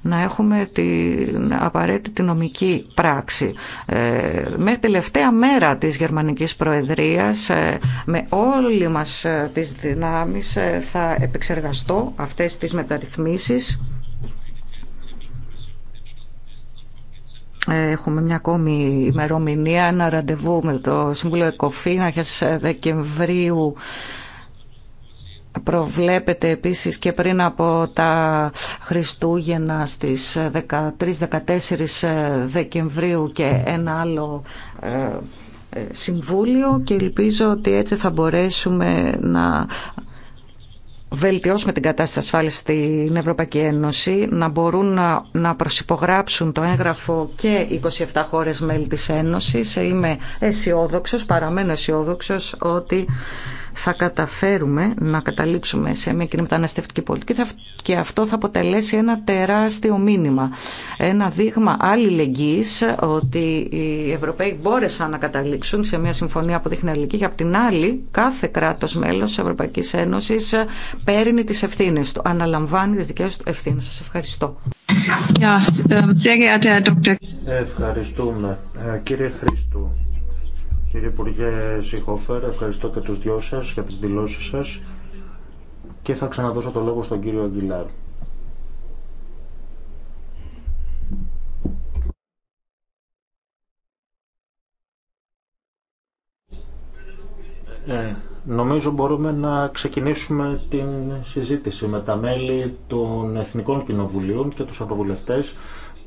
να έχουμε την απαραίτητη νομική πράξη. Ε, με τελευταία μέρα της Γερμανικής Προεδρίας, ε, με όλοι μας ε, τις δυνάμεις, θα επεξεργαστώ αυτές τις μεταρρυθμίσεις. Έχουμε μια ακόμη ημερομηνία, ένα ραντεβού με το Συμβούλιο Εκοφήν, αρχές Δεκεμβρίου προβλέπεται επίσης και πριν από τα Χριστούγεννα στις 13-14 ε, Δεκεμβρίου και ένα άλλο ε, ε, συμβούλιο και ελπίζω ότι έτσι θα μπορέσουμε να βελτιώσουμε την κατάσταση ασφάλεια στην Ευρωπαϊκή Ένωση, να μπορούν να, να προσυπογράψουν το έγγραφο και 27 χώρες μέλη της Ένωσης. Είμαι αισιόδοξο, παραμένω αισιόδοξο ότι θα καταφέρουμε να καταλήξουμε σε μια κοινή μεταναστευτική πολιτική και αυτό θα αποτελέσει ένα τεράστιο μήνυμα. Ένα δείγμα αλληλεγγύης ότι οι Ευρωπαίοι μπόρεσαν να καταλήξουν σε μια συμφωνία που δείχνει αλληλεγγύη και απ' την άλλη κάθε κράτος μέλος της Ευρωπαϊκής Ένωσης παίρνει τις ευθύνες του, αναλαμβάνει τις δικές του ευθύνες. Σας ευχαριστώ. Um, Ευχαριστούμε. Ε, κύριε Χρήστο. Κύριε Υπουργέ Σιχόφερ, ευχαριστώ και τους δυο σας για τις δηλώσεις σας και θα ξαναδώσω το λόγο στον κύριο Αγγιλάρ. Ε, νομίζω μπορούμε να ξεκινήσουμε την συζήτηση με τα μέλη των Εθνικών Κοινοβουλίων και τους Ευρωβουλευτές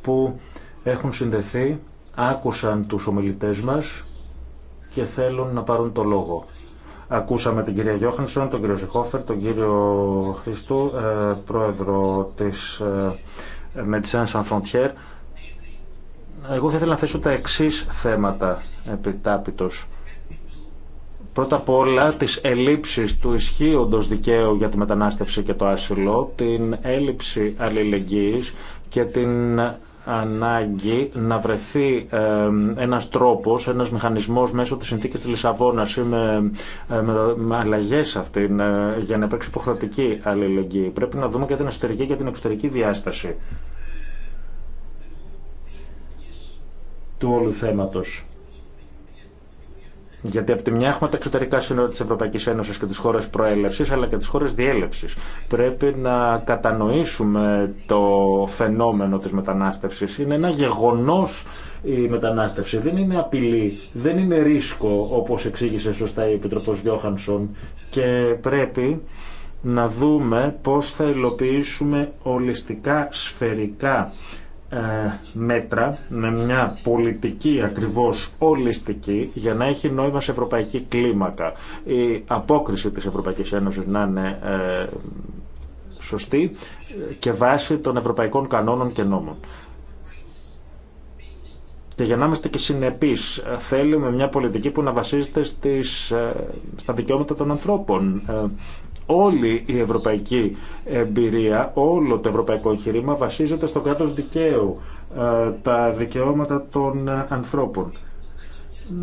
που έχουν συνδεθεί, άκουσαν τους ομιλητές μας και θέλουν να πάρουν το λόγο. Ακούσαμε την κυρία Γιώχανσον, τον κύριο Σιχόφερ, τον κύριο Χριστού, ε, πρόεδρο της ε, Medicine Sans Frontières. Εγώ θα ήθελα να θέσω τα εξής θέματα επιτάπητος. Πρώτα απ' όλα τις ελλείψεις του ισχύοντος δικαίου για τη μετανάστευση και το άσυλο, την έλλειψη αλληλεγγύης και την ανάγκη να βρεθεί ένας τρόπος, ένας μηχανισμός μέσω της συνθήκης της Λισαβόνας ή με, ε, με αλλαγές αυτήν ε, για να υπάρξει υποχρεωτική αλληλεγγύη. Πρέπει να δούμε και την εσωτερική και την εξωτερική διάσταση του όλου θέματος. Γιατί από τη μια έχουμε τα εξωτερικά σύνορα τη Ευρωπαϊκή Ένωση και τι χώρε προέλευση, αλλά και τι χώρε διέλευση. Πρέπει να κατανοήσουμε το φαινόμενο τη μετανάστευση. Είναι ένα γεγονό η μετανάστευση. Δεν είναι απειλή, δεν είναι ρίσκο, όπω εξήγησε σωστά η Επιτροπό Γιώχανσον. Και πρέπει να δούμε πώς θα υλοποιήσουμε ολιστικά, σφαιρικά ε, μέτρα, με μια πολιτική ακριβώς ολιστική για να έχει νόημα σε ευρωπαϊκή κλίμακα. Η απόκριση της Ευρωπαϊκής Ένωσης να είναι ε, σωστή και βάση των ευρωπαϊκών κανόνων και νόμων. Και για να είμαστε και συνεπείς, θέλουμε μια πολιτική που να βασίζεται στις, ε, στα δικαιώματα των ανθρώπων, όλη η ευρωπαϊκή εμπειρία, όλο το ευρωπαϊκό εγχειρήμα βασίζεται στο κράτος δικαίου, ε, τα δικαιώματα των ανθρώπων.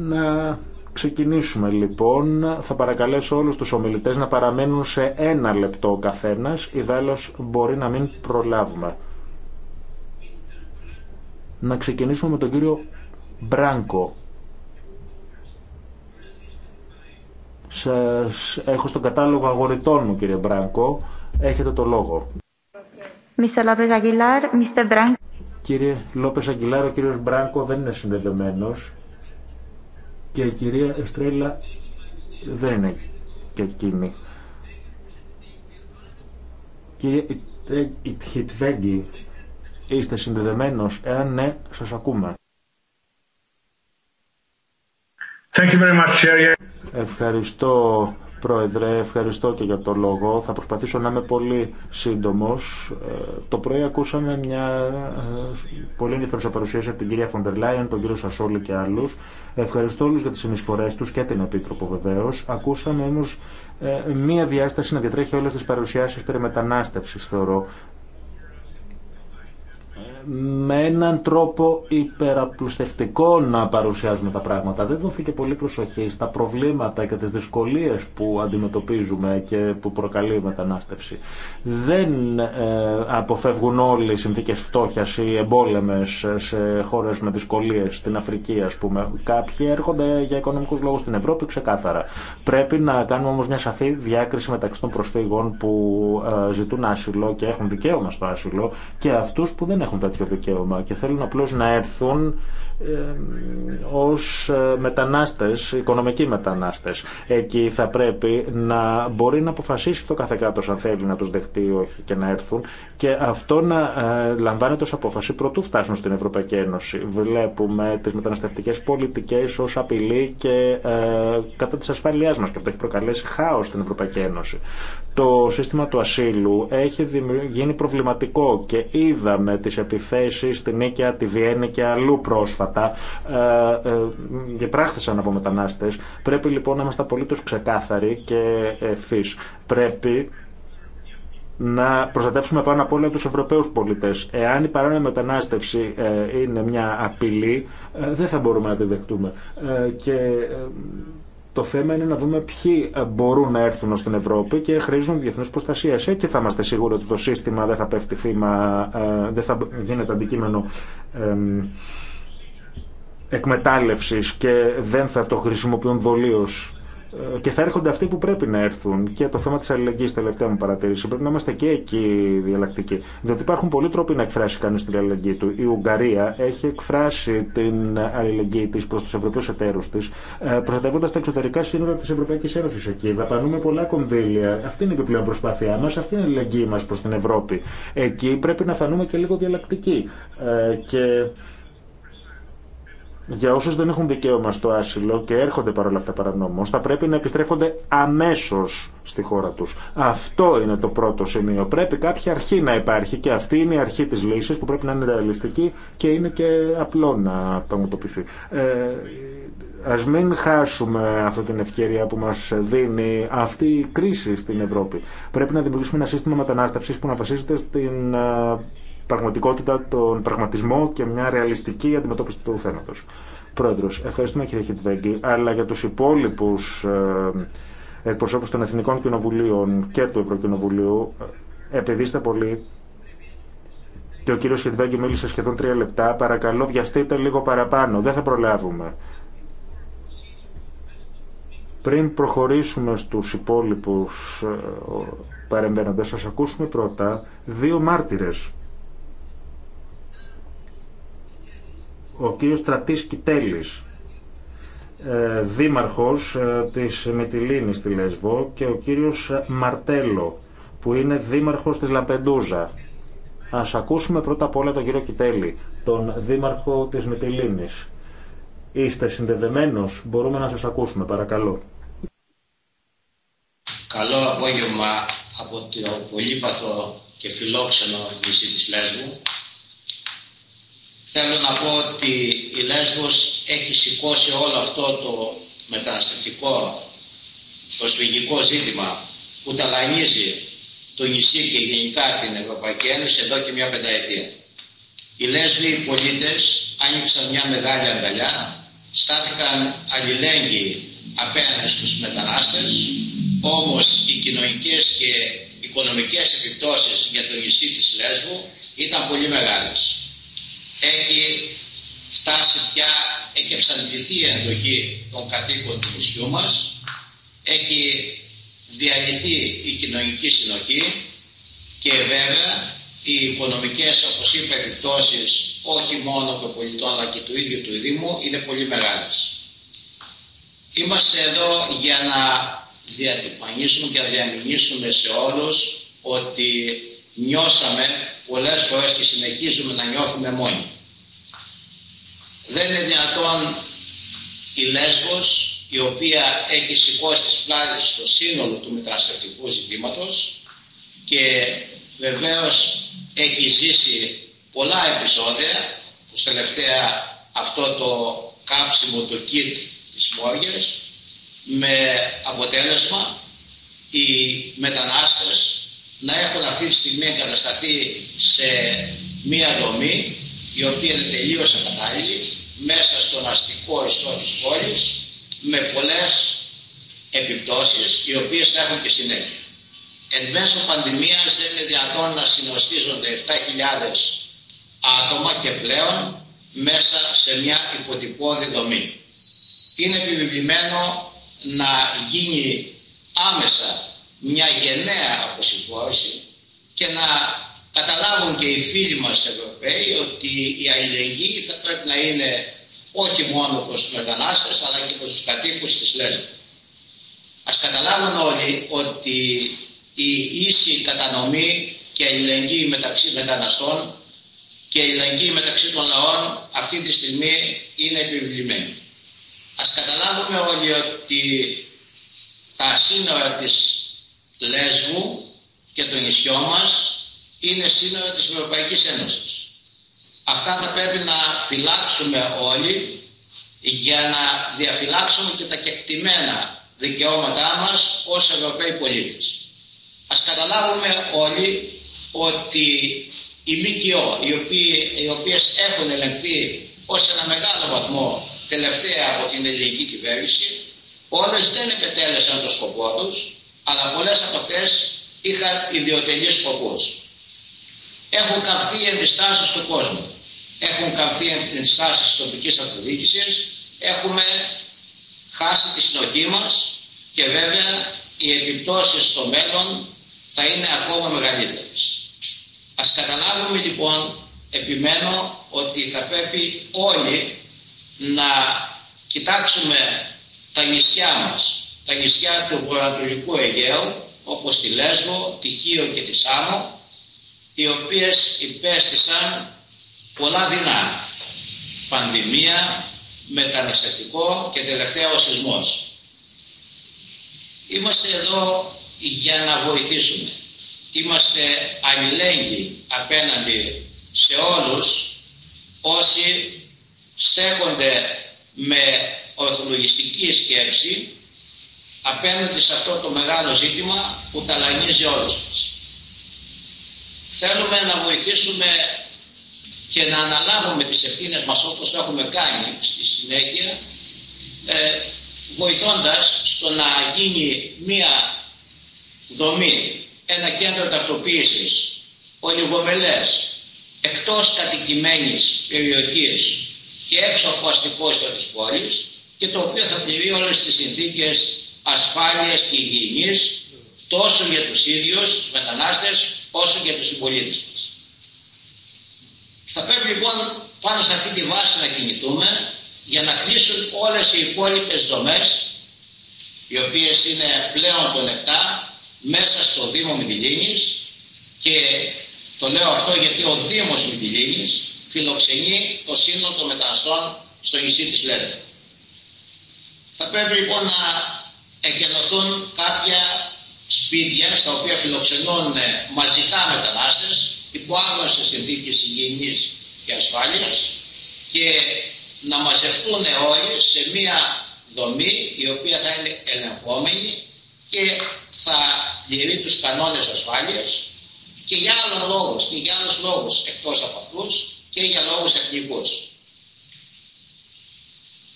Να ξεκινήσουμε λοιπόν. Θα παρακαλέσω όλους τους ομιλητές να παραμένουν σε ένα λεπτό ο καθένας, ιδάλλως μπορεί να μην προλάβουμε. Να ξεκινήσουμε με τον κύριο Μπράνκο Σας έχω στον κατάλογο αγορητών μου, κύριε Μπράνκο. Έχετε το λόγο. Κύριε Λόπες Αγγιλάρ, ο κύριος Μπράνκο δεν είναι συνδεδεμένος και η κυρία Εστρέλα δεν είναι και εκείνη. Κύριε Ιτχιτβέγγι, είστε συνδεδεμένος, εάν ναι, σας ακούμε. Thank you very much, Ευχαριστώ, Πρόεδρε. Ευχαριστώ και για το λόγο. Θα προσπαθήσω να είμαι πολύ σύντομος. Ε, το πρωί ακούσαμε μια ε, πολύ ενδιαφέρουσα παρουσίαση από την κυρία Φοντερ Λάιεν, τον κύριο Σασόλη και άλλους. Ευχαριστώ όλους για τις συνεισφορές τους και την Επίτροπο βεβαίω. Ακούσαμε όμως ε, μία διάσταση να διατρέχει όλες τις παρουσιάσεις περί μετανάστευσης, θεωρώ με έναν τρόπο υπεραπλουστευτικό να παρουσιάζουμε τα πράγματα. Δεν δόθηκε πολύ προσοχή στα προβλήματα και τις δυσκολίες που αντιμετωπίζουμε και που προκαλεί η μετανάστευση. Δεν ε, αποφεύγουν όλοι οι συνθήκες φτώχειας ή εμπόλεμες σε χώρες με δυσκολίες, στην Αφρική ας πούμε. Κάποιοι έρχονται για οικονομικούς λόγους στην Ευρώπη ξεκάθαρα. Πρέπει να κάνουμε όμως μια σαφή διάκριση μεταξύ των προσφύγων που ε, ζητούν άσυλο και έχουν δικαίωμα στο άσυλο και αυτούς που δεν έχουν τέτοιο δικαίωμα και θέλουν απλώς να έρθουν ως ε, μετανάστες, οικονομικοί μετανάστες. Εκεί θα πρέπει να μπορεί να αποφασίσει το κάθε κράτος αν θέλει να τους δεχτεί ή όχι και να έρθουν και αυτό να ε, λαμβάνεται ως απόφαση πρωτού φτάσουν στην Ευρωπαϊκή Ένωση. Βλέπουμε τις μεταναστευτικές πολιτικές ως απειλή και ε, κατά της ασφαλείας μας και αυτό έχει προκαλέσει χάος στην Ευρωπαϊκή Ένωση. Το σύστημα του ασύλου έχει γίνει προβληματικό και είδαμε τις επιθέσεις στην Νίκαια, τη Βιέννη και αλλού πρόσφατα ε, ε, και πράχθησαν από μετανάστες. Πρέπει λοιπόν να είμαστε απολύτως ξεκάθαροι και ευθύ. Πρέπει να προστατεύσουμε πάνω απ' όλα τους Ευρωπαίους πολίτες. Εάν η παράνομη μετανάστευση ε, είναι μια απειλή, δεν θα μπορούμε να τη δεχτούμε. και το θέμα είναι να δούμε ποιοι μπορούν να έρθουν στην Ευρώπη και χρήζουν διεθνούς προστασία. Έτσι θα είμαστε σίγουροι ότι το σύστημα δεν θα πέφτει θύμα, δεν θα γίνεται αντικείμενο εκμετάλλευσης και δεν θα το χρησιμοποιούν δολίως ε, και θα έρχονται αυτοί που πρέπει να έρθουν. Και το θέμα τη αλληλεγγύη, τελευταία μου παρατήρηση. Πρέπει να είμαστε και εκεί διαλλακτικοί. Διότι υπάρχουν πολλοί τρόποι να εκφράσει κανεί την αλληλεγγύη του. Η Ουγγαρία έχει εκφράσει την αλληλεγγύη τη προ του Ευρωπαίου εταίρου τη, ε, προστατεύοντα τα εξωτερικά σύνορα τη Ευρωπαϊκή Ένωση εκεί. Δαπανούμε πολλά κονδύλια. Αυτή είναι η επιπλέον προσπάθειά μα. Αυτή είναι η αλληλεγγύη μα προ την Ευρώπη. Εκεί πρέπει να φανούμε και λίγο διαλλακτικοί. Ε, και για όσους δεν έχουν δικαίωμα στο άσυλο και έρχονται παρόλα αυτά παρανόμως θα πρέπει να επιστρέφονται αμέσως στη χώρα τους. Αυτό είναι το πρώτο σημείο. Πρέπει κάποια αρχή να υπάρχει και αυτή είναι η αρχή της λύσης που πρέπει να είναι ρεαλιστική και είναι και απλό να πραγματοποιηθεί. Ε, Α μην χάσουμε αυτή την ευκαιρία που μας δίνει αυτή η κρίση στην Ευρώπη. Πρέπει να δημιουργήσουμε ένα σύστημα μετανάστευση που να βασίζεται στην ε, πραγματικότητα, τον πραγματισμό και μια ρεαλιστική αντιμετώπιση του θέματος. Πρόεδρος, ευχαριστούμε κύριε Χιτβέγγι, αλλά για τους υπόλοιπους ε, εκπροσώπους των Εθνικών Κοινοβουλίων και του Ευρωκοινοβουλίου, ε, επειδή είστε πολύ και ο κύριος Χιτβέγγι μίλησε σχεδόν τρία λεπτά, παρακαλώ βιαστείτε λίγο παραπάνω, δεν θα προλάβουμε. Πριν προχωρήσουμε στους υπόλοιπους ε, παρεμβαίνοντες, σας ακούσουμε πρώτα δύο μάρτυρες ο κύριος Στρατής Κιτέλης, ε, δήμαρχος ε, της Μετιλίνης στη Λέσβο και ο κύριος Μαρτέλο, που είναι δήμαρχος της Λαπεντούζα. Ας ακούσουμε πρώτα απ' όλα τον κύριο Κιτέλη, τον δήμαρχο της Μετιλίνης. Είστε συνδεδεμένος, μπορούμε να σας ακούσουμε, παρακαλώ. Καλό απόγευμα από το πολύπαθο και φιλόξενο νησί της Λέσβου. Θέλω να πω ότι η Λέσβος έχει σηκώσει όλο αυτό το μεταναστευτικό, το σφυγικό ζήτημα που ταλανίζει το νησί και γενικά την Ευρωπαϊκή Ένωση εδώ και μια πενταετία. Οι Λέσβοι πολίτες άνοιξαν μια μεγάλη αγκαλιά, στάθηκαν αλληλέγγυοι απέναντι στους μετανάστες, όμως οι κοινωνικές και οικονομικές επιπτώσεις για το νησί της Λέσβου ήταν πολύ μεγάλες έχει φτάσει πια, έχει εξαντληθεί η ενδοχή των κατοίκων του νησιού μας, έχει διαλυθεί η κοινωνική συνοχή και βέβαια οι οικονομικές, όπω είπα, περιπτώσεις όχι μόνο των πολιτών αλλά και του ίδιου του Δήμου είναι πολύ μεγάλες. Είμαστε εδώ για να διατυπανίσουμε και να διαμηνήσουμε σε όλους ότι νιώσαμε πολλές φορές και συνεχίζουμε να νιώθουμε μόνοι. Δεν είναι δυνατόν η Λέσβος η οποία έχει σηκώσει τις πλάτες στο σύνολο του μεταναστευτικού ζητήματος και βεβαίως έχει ζήσει πολλά επεισόδια που τελευταία αυτό το κάψιμο το κιτ της Μόργερς με αποτέλεσμα οι μετανάστες να έχουν αυτή τη στιγμή εγκατασταθεί σε μία δομή η οποία είναι τελείως κατάλληλη μέσα στον αστικό ιστό της πόλης με πολλές επιπτώσεις οι οποίες θα έχουν και συνέχεια. Εν μέσω πανδημίας δεν είναι δυνατόν να συνοστίζονται 7.000 άτομα και πλέον μέσα σε μια υποτυπώδη δομή. Είναι επιβεβλημένο να γίνει άμεσα μια γενναία αποσυμφώρηση και να καταλάβουν και οι φίλοι μας Ευρωπαίοι ότι η αλληλεγγύη θα πρέπει να είναι όχι μόνο προς τους μετανάστες αλλά και προς τους κατοίκους της Λέσβου. Ας καταλάβουν όλοι ότι η ίση κατανομή και η αλληλεγγύη μεταξύ μεταναστών και αλληλεγγύη μεταξύ των λαών αυτή τη στιγμή είναι επιβλημένη. Ας καταλάβουμε όλοι ότι τα σύνορα της Λέσβου και το νησιό μας είναι σύνορα της Ευρωπαϊκής Ένωσης. Αυτά θα πρέπει να φυλάξουμε όλοι για να διαφυλάξουμε και τα κεκτημένα δικαιώματά μας ως Ευρωπαίοι πολίτες. Ας καταλάβουμε όλοι ότι οι ΜΚΟ, οι, οποίοι, οι οποίες έχουν ελεγχθεί ως ένα μεγάλο βαθμό τελευταία από την ελληνική κυβέρνηση, όλες δεν επετέλεσαν το σκοπό τους αλλά πολλές από αυτές είχαν ιδιωτελείς σκοπούς. Έχουν καυθεί ενδιστάσεις στον κόσμο, έχουν καυθεί ενδιστάσεις της τοπικής αυτοδιοίκησης, έχουμε χάσει τη συνοχή μας και βέβαια οι επιπτώσεις στο μέλλον θα είναι ακόμα μεγαλύτερες. Ας καταλάβουμε λοιπόν, επιμένω, ότι θα πρέπει όλοι να κοιτάξουμε τα νησιά μας, τα νησιά του βορειοανατολικού Αιγαίου όπως τη Λέσβο, τη Χίο και τη Σάμο οι οποίες υπέστησαν πολλά δεινά πανδημία, μεταναστευτικό και τελευταία ο σεισμός. Είμαστε εδώ για να βοηθήσουμε. Είμαστε αλληλέγγυοι απέναντι σε όλους όσοι στέκονται με ορθολογιστική σκέψη απέναντι σε αυτό το μεγάλο ζήτημα που ταλανίζει όλους μας. Θέλουμε να βοηθήσουμε και να αναλάβουμε τις ευθύνες μας όπως έχουμε κάνει στη συνέχεια ε, βοηθώντας στο να γίνει μία δομή, ένα κέντρο ταυτοποίησης, ολιγομελές, εκτός κατοικημένης περιοχής και έξω από αστικό της πόλης και το οποίο θα πληρεί όλες τις συνθήκες Ασφάλεια και υγιεινή τόσο για τους ίδιου τους μετανάστες, όσο και για τους συμπολίτες Θα πρέπει λοιπόν πάνω σε αυτή τη βάση να κινηθούμε για να κλείσουν όλες οι υπόλοιπε δομέ, οι οποίες είναι πλέον 7 μέσα στο Δήμο μυτιλήνης και το λέω αυτό γιατί ο Δήμος μυτιλήνης φιλοξενεί το σύνολο των μεταναστών στο νησί της Λέδρα. Θα πρέπει λοιπόν να εγκαινοθούν κάποια σπίτια στα οποία φιλοξενούν ε, μαζικά μετανάστες υπό άγνωση συνθήκης υγιεινής και ασφάλειας και να μαζευτούν όλοι σε μία δομή η οποία θα είναι ελεγχόμενη και θα πληρεί τους κανόνες ασφάλειας και για άλλους λόγους, και για άλλους λόγους εκτός από αυτούς και για λόγους εθνικούς.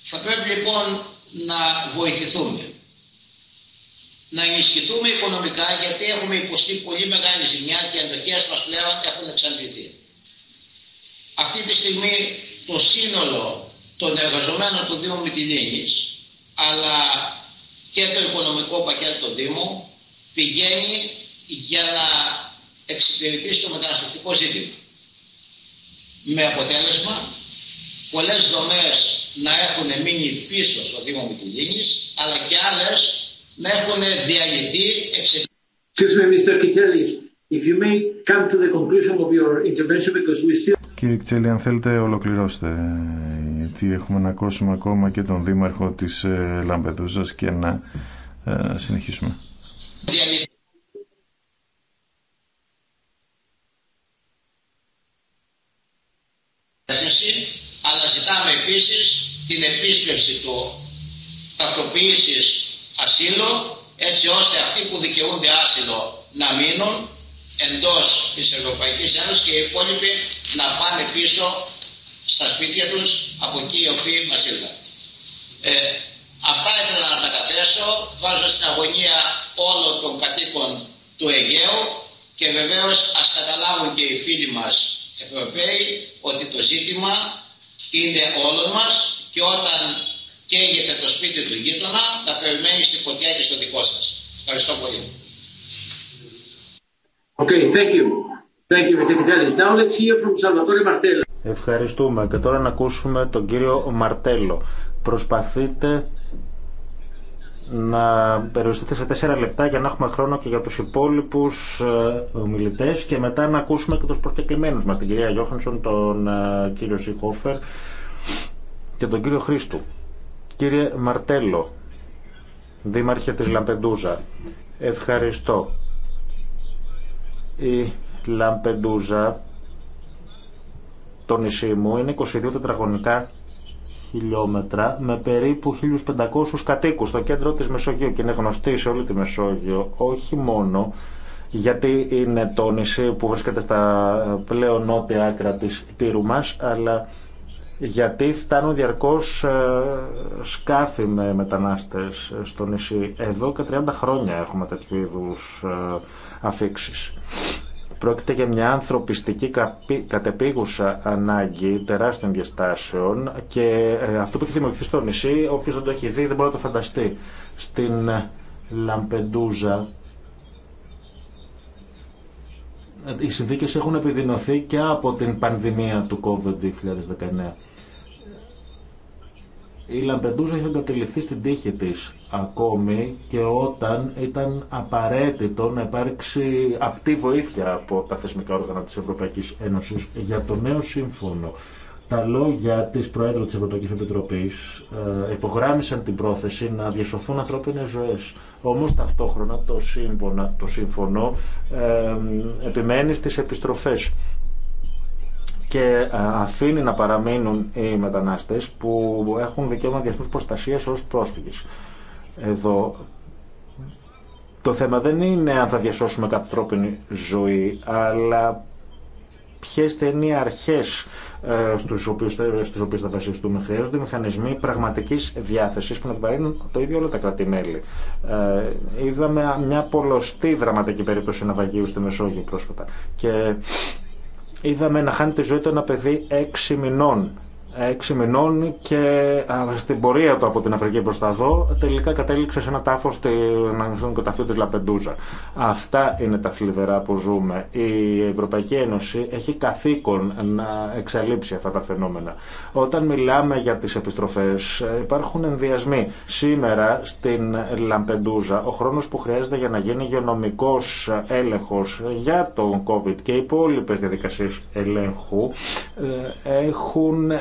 Θα πρέπει λοιπόν να βοηθηθούμε να ενισχυθούμε οικονομικά γιατί έχουμε υποστεί πολύ μεγάλη ζημιά και οι αντοχές μας πλέον έχουν εξαντληθεί. Αυτή τη στιγμή το σύνολο των εργαζομένων του Δήμου Μητυλίνης αλλά και το οικονομικό πακέτο του Δήμου πηγαίνει για να εξυπηρετήσει το μεταναστευτικό ζήτημα. Με αποτέλεσμα πολλές δομές να έχουν μείνει πίσω στο Δήμο Μητυλίνης αλλά και άλλες να έχουν διαλυθεί still... Κύριε Κιτσέλη, αν θέλετε ολοκληρώστε, γιατί έχουμε να ακούσουμε ακόμα και τον Δήμαρχο της ε, Λαμπεδούζας και να ε, συνεχίσουμε. αλλά ζητάμε επίσης την επίσκεψη του ταυτοποίησης ασύλο έτσι ώστε αυτοί που δικαιούνται άσυλο να μείνουν εντός της Ευρωπαϊκής Ένωσης και οι υπόλοιποι να πάνε πίσω στα σπίτια τους από εκεί οι οποίοι μας ήρθαν. Ε, αυτά ήθελα να καταθέσω, βάζω στην αγωνία όλων των κατοίκων του Αιγαίου και βεβαίως ας καταλάβουν και οι φίλοι μας Ευρωπαίοι ότι το ζήτημα είναι όλων μας και όταν καίγεται το σπίτι του γείτονα, τα περιμένει στη φωτιά και στο δικό σα. Ευχαριστώ πολύ. Okay, thank you. Thank you, Mr. Vitalis. Now let's hear from Salvatore Martello. Ευχαριστούμε. Και τώρα να ακούσουμε τον κύριο Μαρτέλο. Προσπαθείτε να περιοριστείτε σε τέσσερα λεπτά για να έχουμε χρόνο και για τους υπόλοιπους ε, ομιλητές και μετά να ακούσουμε και τους προσκεκλημένους μας, την κυρία Γιώχανσον, τον ε, κύριο Σιχόφερ και τον κύριο Χρήστο. Κύριε Μαρτέλο, δήμαρχε της Λαμπεντούζα, ευχαριστώ. Η Λαμπεντούζα, το νησί μου, είναι 22 τετραγωνικά χιλιόμετρα με περίπου 1500 κατοίκους στο κέντρο της Μεσογείου και είναι γνωστή σε όλη τη Μεσόγειο όχι μόνο γιατί είναι το νησί που βρίσκεται στα πλέον νότια άκρα της Τύρου μας αλλά γιατί φτάνουν διαρκώς ε, σκάφη με μετανάστες στο νησί. Εδώ και 30 χρόνια έχουμε τέτοιου είδου ε, αφήξεις. Πρόκειται για μια ανθρωπιστική κατεπίγουσα ανάγκη τεράστιων διαστάσεων και ε, αυτό που έχει δημιουργηθεί στο νησί, όποιος δεν το έχει δει δεν μπορεί να το φανταστεί. Στην Λαμπεντούζα οι συνθήκες έχουν επιδεινωθεί και από την πανδημία του COVID-19. Η Λαμπεντούζα είχε εγκατεληθεί στην τύχη της ακόμη και όταν ήταν απαραίτητο να υπάρξει απτή βοήθεια από τα θεσμικά όργανα της Ευρωπαϊκής Ένωσης για το νέο σύμφωνο. Τα λόγια της Προέδρου της Ευρωπαϊκής Επιτροπής ε, υπογράμμισαν την πρόθεση να διασωθούν ανθρώπινες ζωές. Όμως ταυτόχρονα το σύμφωνο, ε, ε, επιμένει στις επιστροφές και ε, αφήνει να παραμείνουν οι μετανάστες που έχουν δικαίωμα διεθνούς προστασίας ως πρόσφυγες. Εδώ το θέμα δεν είναι αν θα διασώσουμε κάποια ανθρώπινη ζωή, αλλά ποιε θα είναι οι αρχέ ε, στου οποίου θα βασιστούμε. Χρειάζονται μηχανισμοί πραγματική διάθεση που να επιβαρύνουν το ίδιο όλα τα κρατημέλη. Ε, είδαμε μια πολλωστή δραματική περίπτωση ναυαγίου στη Μεσόγειο πρόσφατα. Και Είδαμε να χάνει τη ζωή του ένα παιδί 6 μηνών έξι μηνών και στην πορεία του από την Αφρική προς τα τελικά κατέληξε σε ένα τάφο στην κοταφείο της Λαπεντούζα. Αυτά είναι τα θλιβερά που ζούμε. Η Ευρωπαϊκή Ένωση έχει καθήκον να εξαλείψει αυτά τα φαινόμενα. Όταν μιλάμε για τις επιστροφές ε, υπάρχουν ενδιασμοί. Σήμερα στην Λαμπεντούζα ο χρόνος που χρειάζεται για να γίνει υγειονομικός έλεγχος για τον COVID και οι υπόλοιπε διαδικασίες ελέγχου ε, έχουν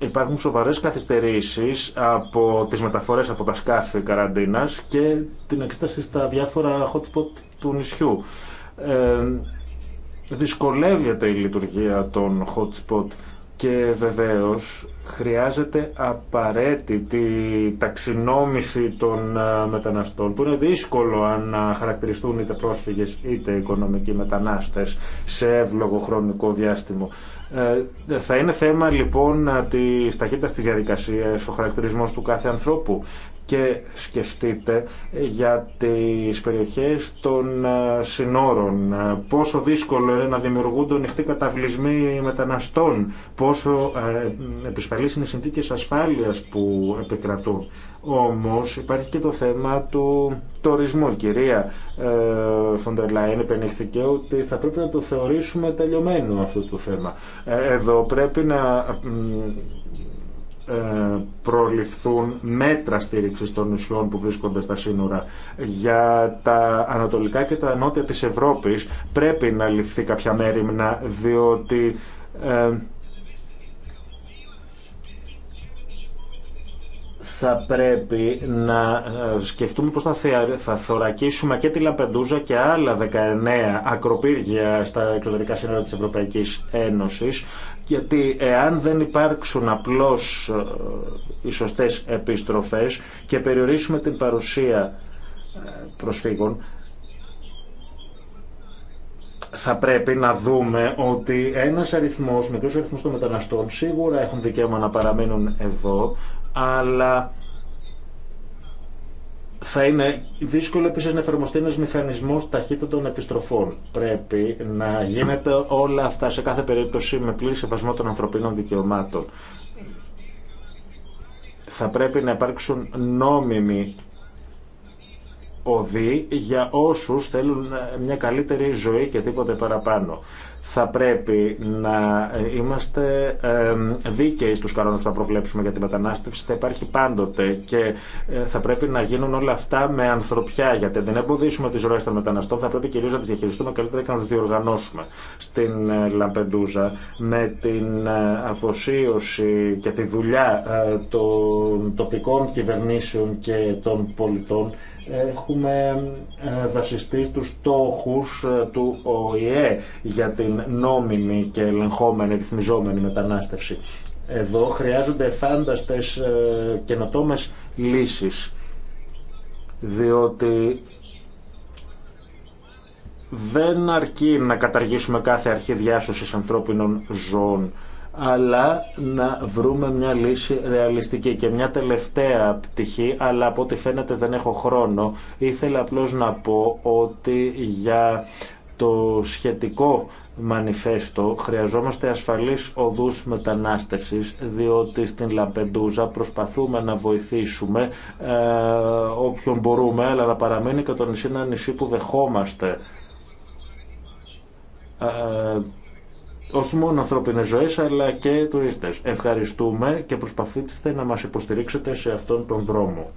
Υπάρχουν σοβαρέ καθυστερήσει από τι μεταφορέ από τα σκάφη καραντίνα και την εξέταση στα διάφορα hotspot του νησιού. Ε, δυσκολεύεται η λειτουργία των hotspot και βεβαίως χρειάζεται απαραίτητη ταξινόμηση των ε, μεταναστών που είναι δύσκολο αν ε, χαρακτηριστούν είτε πρόσφυγες είτε οικονομικοί μετανάστες σε εύλογο χρονικό διάστημα. Ε, θα είναι θέμα λοιπόν τη ταχύτητα τη διαδικασία, ο χαρακτηρισμό του κάθε ανθρώπου και σκεφτείτε για τις περιοχές των ε, συνόρων. Ε, πόσο δύσκολο είναι να δημιουργούνται ανοιχτοί καταβλισμοί μεταναστών, πόσο ε, επισφαλείς είναι οι συνθήκες ασφάλειας που επικρατούν. Όμως υπάρχει και το θέμα του τουρισμού. κυρία ε, Φοντερ επενήχθηκε ότι θα πρέπει να το θεωρήσουμε τελειωμένο αυτό το θέμα. εδώ πρέπει να ε, προληφθούν μέτρα στήριξη των νησιών που βρίσκονται στα σύνορα. Για τα ανατολικά και τα νότια της Ευρώπης πρέπει να ληφθεί κάποια μέρημνα, διότι ε, θα πρέπει να ε, σκεφτούμε πώς θα, θα θωρακίσουμε και τη Λαμπεντούζα και άλλα 19 ακροπύργια στα εξωτερικά σύνορα της Ευρωπαϊκής Ένωσης γιατί εάν δεν υπάρξουν απλώς ε, οι σωστές επιστροφές και περιορίσουμε την παρουσία ε, προσφύγων, θα πρέπει να δούμε ότι ένας αριθμός, μικρός αριθμός των μεταναστών, σίγουρα έχουν δικαίωμα να παραμείνουν εδώ, αλλά θα είναι δύσκολο επίσης να εφαρμοστεί ένα μηχανισμό των επιστροφών. Πρέπει να γίνεται όλα αυτά σε κάθε περίπτωση με πλήρη σεβασμό των ανθρωπίνων δικαιωμάτων. Θα πρέπει να υπάρξουν νόμιμοι για όσους θέλουν μια καλύτερη ζωή και τίποτε παραπάνω. Θα πρέπει να είμαστε δίκαιοι στους κανόνες που θα προβλέψουμε για την μετανάστευση. Θα υπάρχει πάντοτε και ε, θα πρέπει να γίνουν όλα αυτά με ανθρωπιά. Γιατί δεν εμποδίσουμε τις ροές των μεταναστών, θα πρέπει κυρίως να τις διαχειριστούμε καλύτερα και να τις διοργανώσουμε. Στην ε, Λαμπεντούζα με την ε, αφοσίωση και τη δουλειά των τοπικών κυβερνήσεων και των πολιτών έχουμε ε, βασιστεί στους στόχους ε, του ΟΗΕ για την νόμιμη και ελεγχόμενη, ρυθμιζόμενη μετανάστευση. Εδώ χρειάζονται φάνταστες ε, καινοτόμες λύσεις, διότι δεν αρκεί να καταργήσουμε κάθε αρχή διάσωσης ανθρώπινων ζώων αλλά να βρούμε μια λύση ρεαλιστική. Και μια τελευταία πτυχή, αλλά από ό,τι φαίνεται δεν έχω χρόνο, ήθελα απλώς να πω ότι για το σχετικό μανιφέστο χρειαζόμαστε ασφαλείς οδούς μετανάστευσης διότι στην Λαμπεντούζα προσπαθούμε να βοηθήσουμε ε, όποιον μπορούμε αλλά να παραμείνει και το νησί ένα νησί που δεχόμαστε ε, όχι μόνο ανθρώπινες ζωές αλλά και τουρίστες. Ευχαριστούμε και προσπαθήστε να μας υποστηρίξετε σε αυτόν τον δρόμο.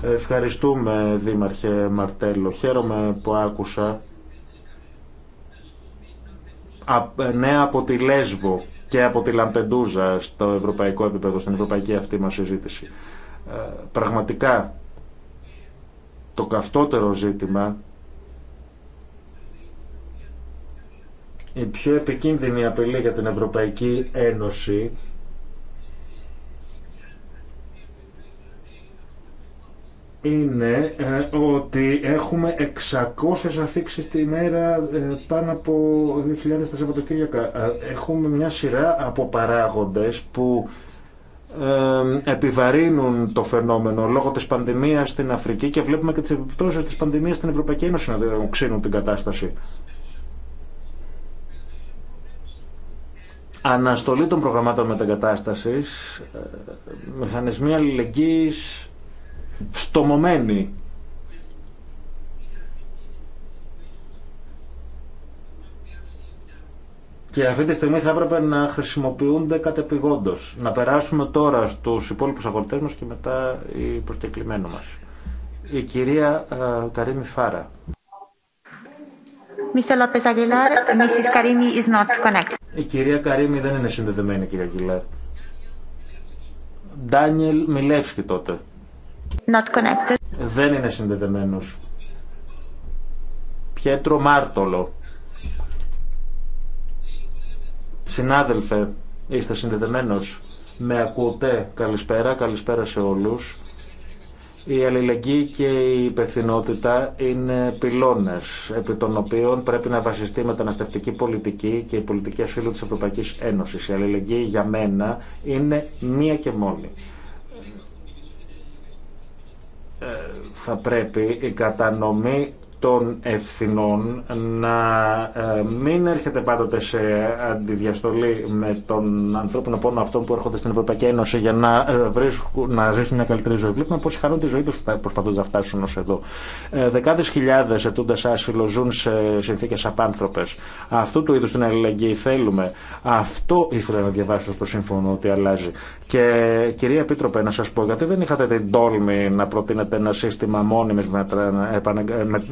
Ευχαριστούμε Δήμαρχε Μαρτέλο. Χαίρομαι που άκουσα νέα από τη Λέσβο και από τη Λαμπεντούζα στο ευρωπαϊκό επίπεδο, στην ευρωπαϊκή αυτή μας συζήτηση. Ε, πραγματικά το καυτότερο ζήτημα, η πιο επικίνδυνη απειλή για την Ευρωπαϊκή Ένωση είναι ε, ότι έχουμε 600 αφήξεις τη μέρα ε, πάνω από 2.000 τα Σαββατοκύριακα. Ε, έχουμε μια σειρά από παράγοντες που επιβαρύνουν το φαινόμενο λόγω της πανδημίας στην Αφρική και βλέπουμε και τις επιπτώσεις της πανδημίας στην Ευρωπαϊκή Ένωση να ξύνουν την κατάσταση. Αναστολή των προγραμμάτων μετακατάστασης, ε, μηχανισμοί αλληλεγγύης στομωμένοι Και αυτή τη στιγμή θα έπρεπε να χρησιμοποιούνται κατεπηγόντω. Να περάσουμε τώρα στου υπόλοιπου αγορητέ μα και μετά η προσκεκλημένο μα. Η κυρία ε, Καρίνη Φάρα. Mr. Lopez Aguilar, Mrs. Karimi is not connected. Η κυρία Καρίνη δεν είναι συνδεδεμένη, κυρία Αγγιλάρ. Ντάνιελ Μιλεύσκη τότε. Not connected. Δεν είναι συνδεδεμένος. Πιέτρο Μάρτολο. Συνάδελφε, είστε συνδεδεμένος. Με ακούτε. Καλησπέρα, καλησπέρα σε όλους. Η αλληλεγγύη και η υπευθυνότητα είναι πυλώνες επί των οποίων πρέπει να βασιστεί η μεταναστευτική πολιτική και η πολιτική ασύλου της Ευρωπαϊκής Ένωσης. Η αλληλεγγύη για μένα είναι μία και μόνη. Ε, θα πρέπει η κατανομή των ευθυνών να ε, μην έρχεται πάντοτε σε αντιδιαστολή με τον ανθρώπινο πόνο αυτών που έρχονται στην Ευρωπαϊκή Ένωση για να, ε, να ζήσουν μια καλύτερη ζωή. Βλέπουμε πώ χαρούν τη ζωή του προσπαθούν να φτάσουν ω εδώ. Ε, Δεκάδε χιλιάδε ετούντε άσυλο ζουν σε συνθήκε απάνθρωπε. Αυτού του είδου την αλληλεγγύη θέλουμε. Αυτό ήθελα να διαβάσω στο σύμφωνο ότι αλλάζει. Και κυρία Επίτροπε, να σα πω, γιατί δεν είχατε την τόλμη να προτείνετε ένα σύστημα μόνιμη μετα... με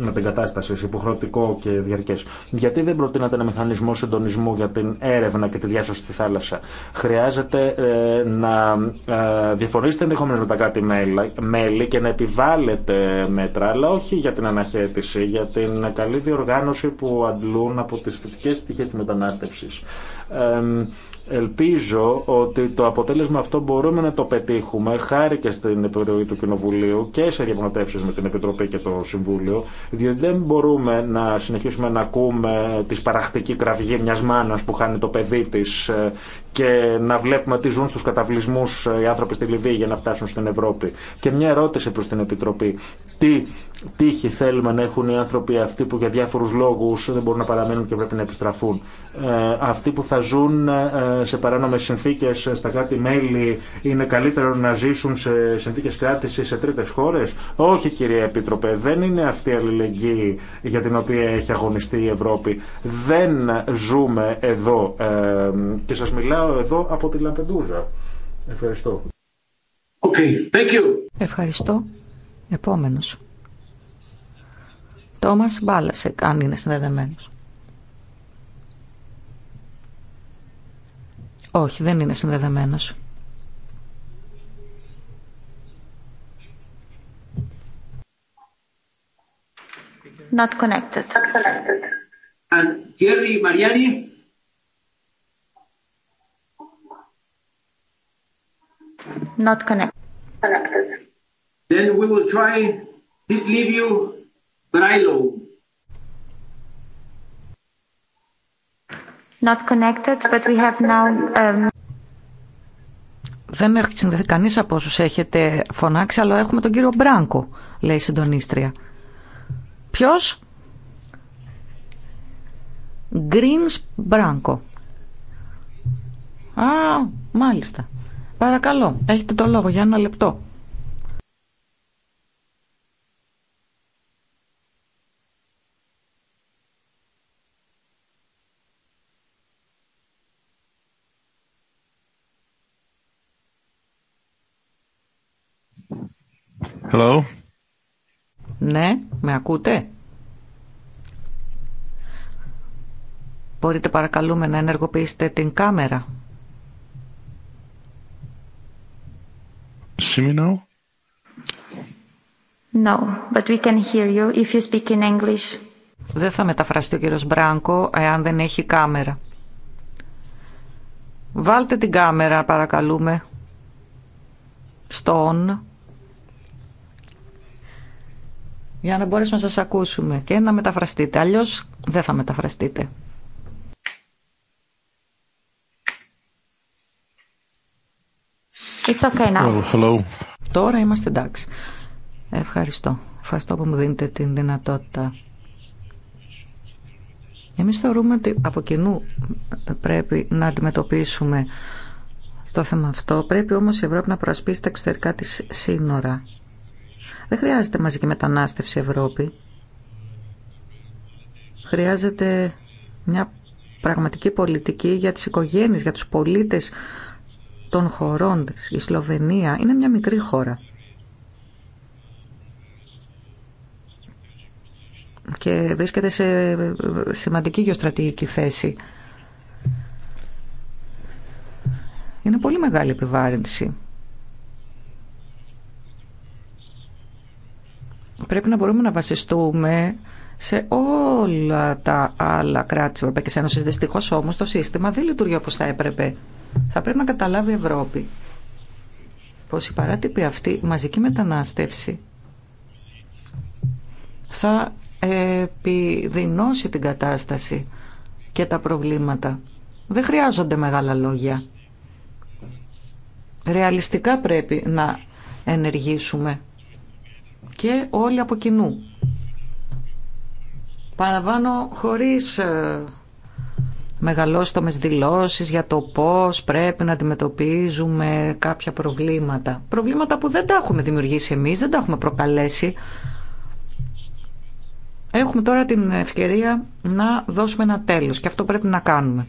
σε υποχρεωτικό και διαρκέ. Γιατί δεν προτείνατε ένα μηχανισμό συντονισμού για την έρευνα και τη διάσωση στη θάλασσα. Χρειάζεται ε, να ε, διαφωνήσετε ενδεχομένω με τα κράτη-μέλη και να επιβάλλετε μέτρα, αλλά όχι για την αναχέτηση, για την καλή διοργάνωση που αντλούν από τι θετικέ πτυχέ τη μετανάστευση. Ελπίζω ότι το αποτέλεσμα αυτό μπορούμε να το πετύχουμε χάρη και στην επιρροή του Κοινοβουλίου και σε διαπραγματεύσει με την Επιτροπή και το Συμβούλιο, διότι δεν μπορούμε να συνεχίσουμε να ακούμε τη σπαραχτική κραυγή μια μάνα που χάνει το παιδί τη ε, και να βλέπουμε τι ζουν στους καταβλισμούς ε, οι άνθρωποι στη Λιβύη για να φτάσουν στην Ευρώπη. Και μια ερώτηση προς την Επιτροπή. Τι τύχη θέλουμε να έχουν οι άνθρωποι αυτοί που για διάφορους λόγους δεν μπορούν να παραμένουν και πρέπει να επιστραφούν. Ε, αυτοί που θα ζουν ε, σε παράνομες συνθήκες ε, στα κράτη-μέλη είναι καλύτερο να ζήσουν σε συνθήκες κράτησης σε τρίτες χώρες. Όχι κυρία Επίτροπε, δεν είναι αυτή η αλληλεγγύη για την οποία έχει αγωνιστεί η Ευρώπη. Δεν ζούμε εδώ ε, και σας μιλάω εδώ από τη Λαμπεντούζα. Ευχαριστώ. Okay, thank you. Ευχαριστώ. Επόμενος. Τόμας Μπάλασεκ, αν είναι συνδεδεμένος. Όχι, δεν είναι συνδεδεμένος. Not connected. Not connected. And Thierry Mariani. Not connected. Connected. Then we will try Did leave you Brailo. Not connected, but we have now... Um... Δεν έχει συνδεθεί κανεί από όσου έχετε φωνάξει, αλλά έχουμε τον κύριο Μπράνκο, λέει η συντονίστρια. Ποιος? Γκριν Μπράνκο. Α, μάλιστα. Παρακαλώ, έχετε το λόγο για ένα λεπτό. Hello. Ναι, με ακούτε. Μπορείτε παρακαλούμε να ενεργοποιήσετε την κάμερα. see me now? but we can hear you if you speak in English. Δεν θα μεταφραστεί ο κύριος Μπράνκο εάν δεν έχει κάμερα. Βάλτε την κάμερα παρακαλούμε. Στον. Για να μπορέσουμε να σας ακούσουμε και να μεταφραστείτε. Αλλιώς δεν θα μεταφραστείτε. It's okay now. Oh, hello. Τώρα είμαστε εντάξει. Ευχαριστώ. Ευχαριστώ που μου δίνετε την δυνατότητα. Εμείς θεωρούμε ότι από κοινού πρέπει να αντιμετωπίσουμε το θέμα αυτό. Πρέπει όμως η Ευρώπη να προασπίσει τα εξωτερικά της σύνορα. Δεν χρειάζεται μαζική μετανάστευση Ευρώπη. Χρειάζεται μια πραγματική πολιτική για τις οικογένειες, για τους πολίτες των χωρών της. Η Σλοβενία είναι μια μικρή χώρα. Και βρίσκεται σε σημαντική γεωστρατηγική θέση. Είναι πολύ μεγάλη επιβάρυνση. Πρέπει να μπορούμε να βασιστούμε σε όλα τα άλλα κράτη της Ευρωπαϊκής Ένωσης. Δυστυχώς όμως το σύστημα δεν λειτουργεί όπως θα έπρεπε. Θα πρέπει να καταλάβει η Ευρώπη πως η παράτυπη αυτή μαζική μετανάστευση θα επιδεινώσει την κατάσταση και τα προβλήματα. Δεν χρειάζονται μεγάλα λόγια. Ρεαλιστικά πρέπει να ενεργήσουμε και όλοι από κοινού. Παραβάνω χωρίς ε, μεγαλώστομες δηλώσεις για το πώς πρέπει να αντιμετωπίζουμε κάποια προβλήματα. Προβλήματα που δεν τα έχουμε δημιουργήσει εμείς, δεν τα έχουμε προκαλέσει. Έχουμε τώρα την ευκαιρία να δώσουμε ένα τέλος και αυτό πρέπει να κάνουμε.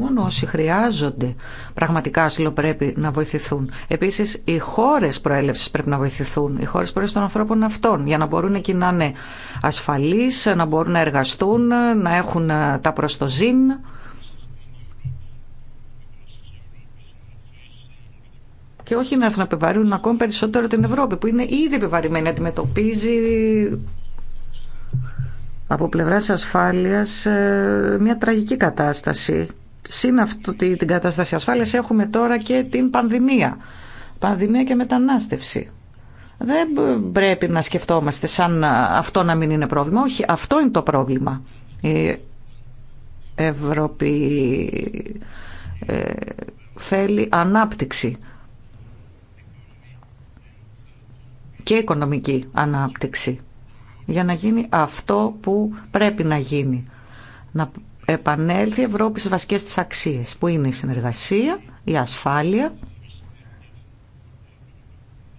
μόνο όσοι χρειάζονται πραγματικά άσυλο πρέπει να βοηθηθούν. Επίση, οι χώρε προέλευση πρέπει να βοηθηθούν, οι χώρε προέλευση των ανθρώπων αυτών, για να μπορούν εκεί να είναι ασφαλεί, να μπορούν να εργαστούν, να έχουν ε, τα προστοζήν. και όχι να έρθουν να επιβαρύνουν ακόμη περισσότερο την Ευρώπη που είναι ήδη επιβαρημένη, αντιμετωπίζει από πλευράς ασφάλειας ε, μια τραγική κατάσταση Συν αυτή την κατάσταση ασφάλειας έχουμε τώρα και την πανδημία. Πανδημία και μετανάστευση. Δεν πρέπει να σκεφτόμαστε σαν αυτό να μην είναι πρόβλημα. Όχι, αυτό είναι το πρόβλημα. Η Ευρώπη ε, θέλει ανάπτυξη και οικονομική ανάπτυξη για να γίνει αυτό που πρέπει να γίνει. Να επανέλθει η Ευρώπη στις βασικές της αξίες, που είναι η συνεργασία, η ασφάλεια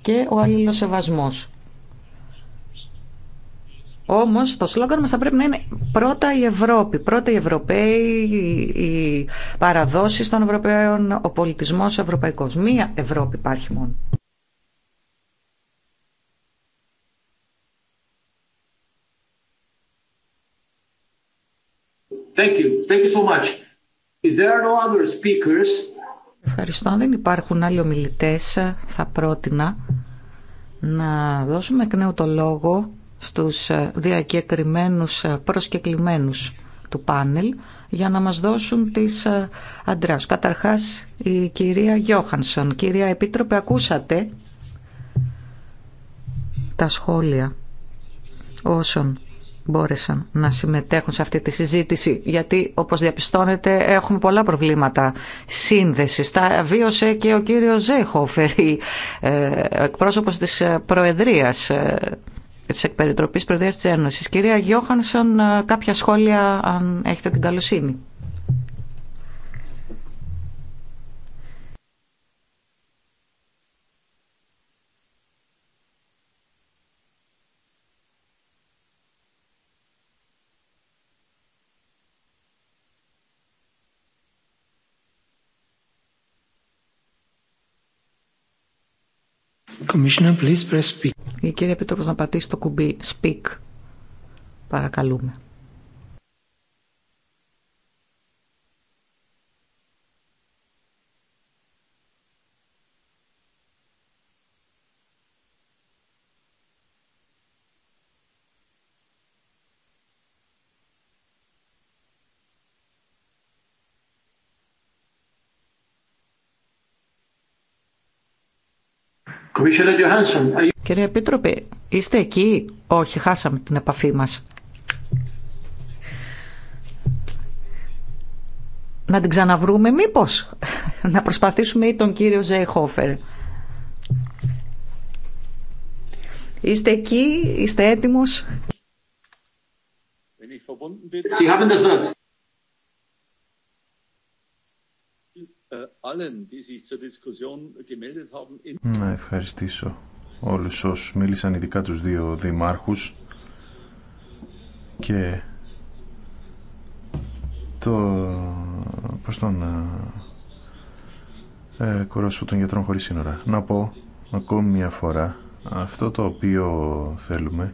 και ο αλληλοσεβασμός. Όμως το σλόγγαν μας θα πρέπει να είναι πρώτα η Ευρώπη, πρώτα οι Ευρωπαίοι, οι παραδόσεις των Ευρωπαίων, ο πολιτισμός ο ευρωπαϊκός. Μία Ευρώπη υπάρχει μόνο. Thank you. Thank you so much. If there no other speakers... Ευχαριστώ. Αν δεν υπάρχουν άλλοι ομιλητές, θα πρότεινα να δώσουμε εκ νέου το λόγο στους διακεκριμένους προσκεκλημένους του πάνελ για να μας δώσουν τις αντράς. Καταρχάς η κυρία Γιώχανσον. Κυρία Επίτροπε, ακούσατε τα σχόλια όσων μπόρεσαν να συμμετέχουν σε αυτή τη συζήτηση γιατί όπως διαπιστώνετε έχουμε πολλά προβλήματα σύνδεσης. Τα βίωσε και ο κύριος Ζέχοφερ, ε, εκπρόσωπος της ε, Προεδρίας ε, της Εκπεριτροπής Προεδρίας της Ένωσης. Κυρία Γιώχανσον, κάποια σχόλια αν έχετε την καλοσύνη. Commissioner, please press speak. Η κυρία Επίτροπος να πατήσει το κουμπί Speak. Παρακαλούμε. Κύριε Επίτροπε, είστε εκεί. Όχι, χάσαμε την επαφή μας. Να την ξαναβρούμε μήπως. Να προσπαθήσουμε ή τον κύριο Ζέιχόφερ. Είστε εκεί, είστε έτοιμος. Sie haben Äh, να ευχαριστήσω όλους όσους μίλησαν ειδικά τους δύο δημάρχους και το πώς τον ε, ε των γιατρών χωρίς σύνορα. Να πω ακόμη μια φορά αυτό το οποίο θέλουμε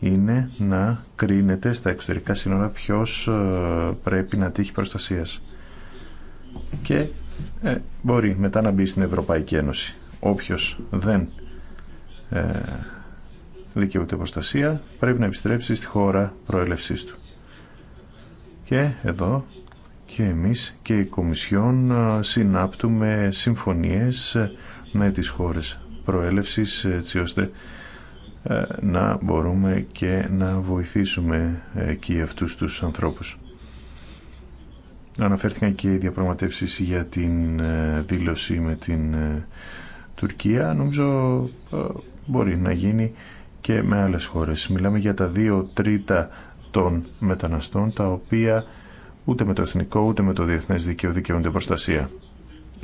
είναι να κρίνεται στα εξωτερικά σύνορα ποιος ε, πρέπει να τύχει προστασίας και ε, μπορεί μετά να μπει στην Ευρωπαϊκή Ένωση. Όποιος δεν ε, δικαιούται προστασία πρέπει να επιστρέψει στη χώρα προέλευσής του. Και εδώ και εμείς και η Κομισιόν ε, συνάπτουμε συμφωνίες ε, με τις χώρες προέλευσης έτσι ώστε να μπορούμε και να βοηθήσουμε εκεί αυτούς τους ανθρώπους. Αναφέρθηκαν και οι διαπραγματεύσεις για την ε, δήλωση με την ε, Τουρκία. Νομίζω ε, μπορεί να γίνει και με άλλες χώρες. Μιλάμε για τα δύο τρίτα των μεταναστών, τα οποία ούτε με το εθνικό ούτε με το διεθνές δίκαιο δικαιούνται προστασία.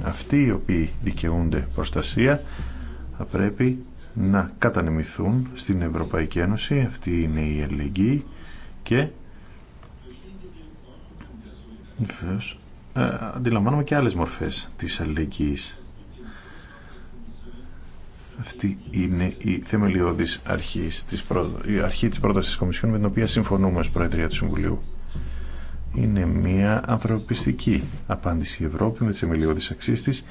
Αυτοί οι οποίοι δικαιούνται προστασία θα πρέπει να κατανεμηθούν στην Ευρωπαϊκή Ένωση. Αυτή είναι η ελληνική και Βεβαίως. Ε, αντιλαμβάνομαι και άλλες μορφές της αλληλεγγύης. Αυτή είναι η θεμελιώδης αρχή της, πρό... πρότασης της Κομισιόν με την οποία συμφωνούμε ως Προεδρία του Συμβουλίου. Είναι μια ανθρωπιστική απάντηση η Ευρώπη με τις θεμελιώδεις αξίες της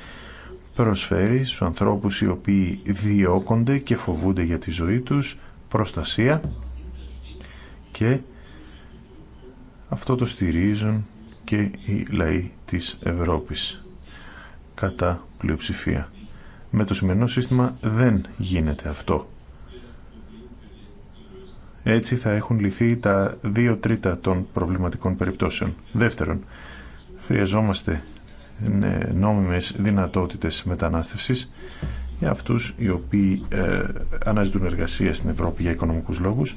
προσφέρει στους ανθρώπους οι οποίοι διώκονται και φοβούνται για τη ζωή τους προστασία και αυτό το στηρίζουν και οι λαοί της Ευρώπης κατά πλειοψηφία. Με το σημερινό σύστημα δεν γίνεται αυτό. Έτσι θα έχουν λυθεί τα δύο τρίτα των προβληματικών περιπτώσεων. Δεύτερον, χρειαζόμαστε νόμιμες δυνατότητες μετανάστευσης για αυτούς οι οποίοι ε, αναζητούν εργασία στην Ευρώπη για οικονομικούς λόγους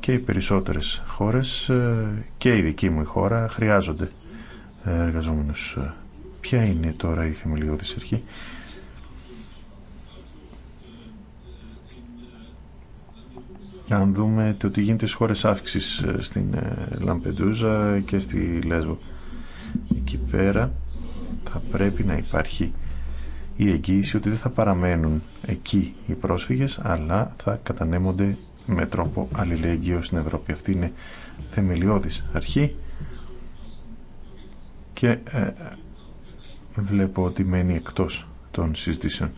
και οι περισσότερες χώρες ε, και η δική μου χώρα χρειάζονται ε, εργαζόμενους. Ε, ποια είναι τώρα η θεμελιώδης αρχή. Αν δούμε το τι γίνεται στις χώρες αύξησης ε, στην Λαμπεντούζα και στη Λέσβο. Εκεί πέρα θα πρέπει να υπάρχει η εγγύηση ότι δεν θα παραμένουν εκεί οι πρόσφυγες αλλά θα κατανέμονται με τρόπο αλληλέγγυο στην Ευρώπη. Αυτή είναι θεμελιώδης αρχή και ε, βλέπω ότι μένει εκτός των συζητήσεων.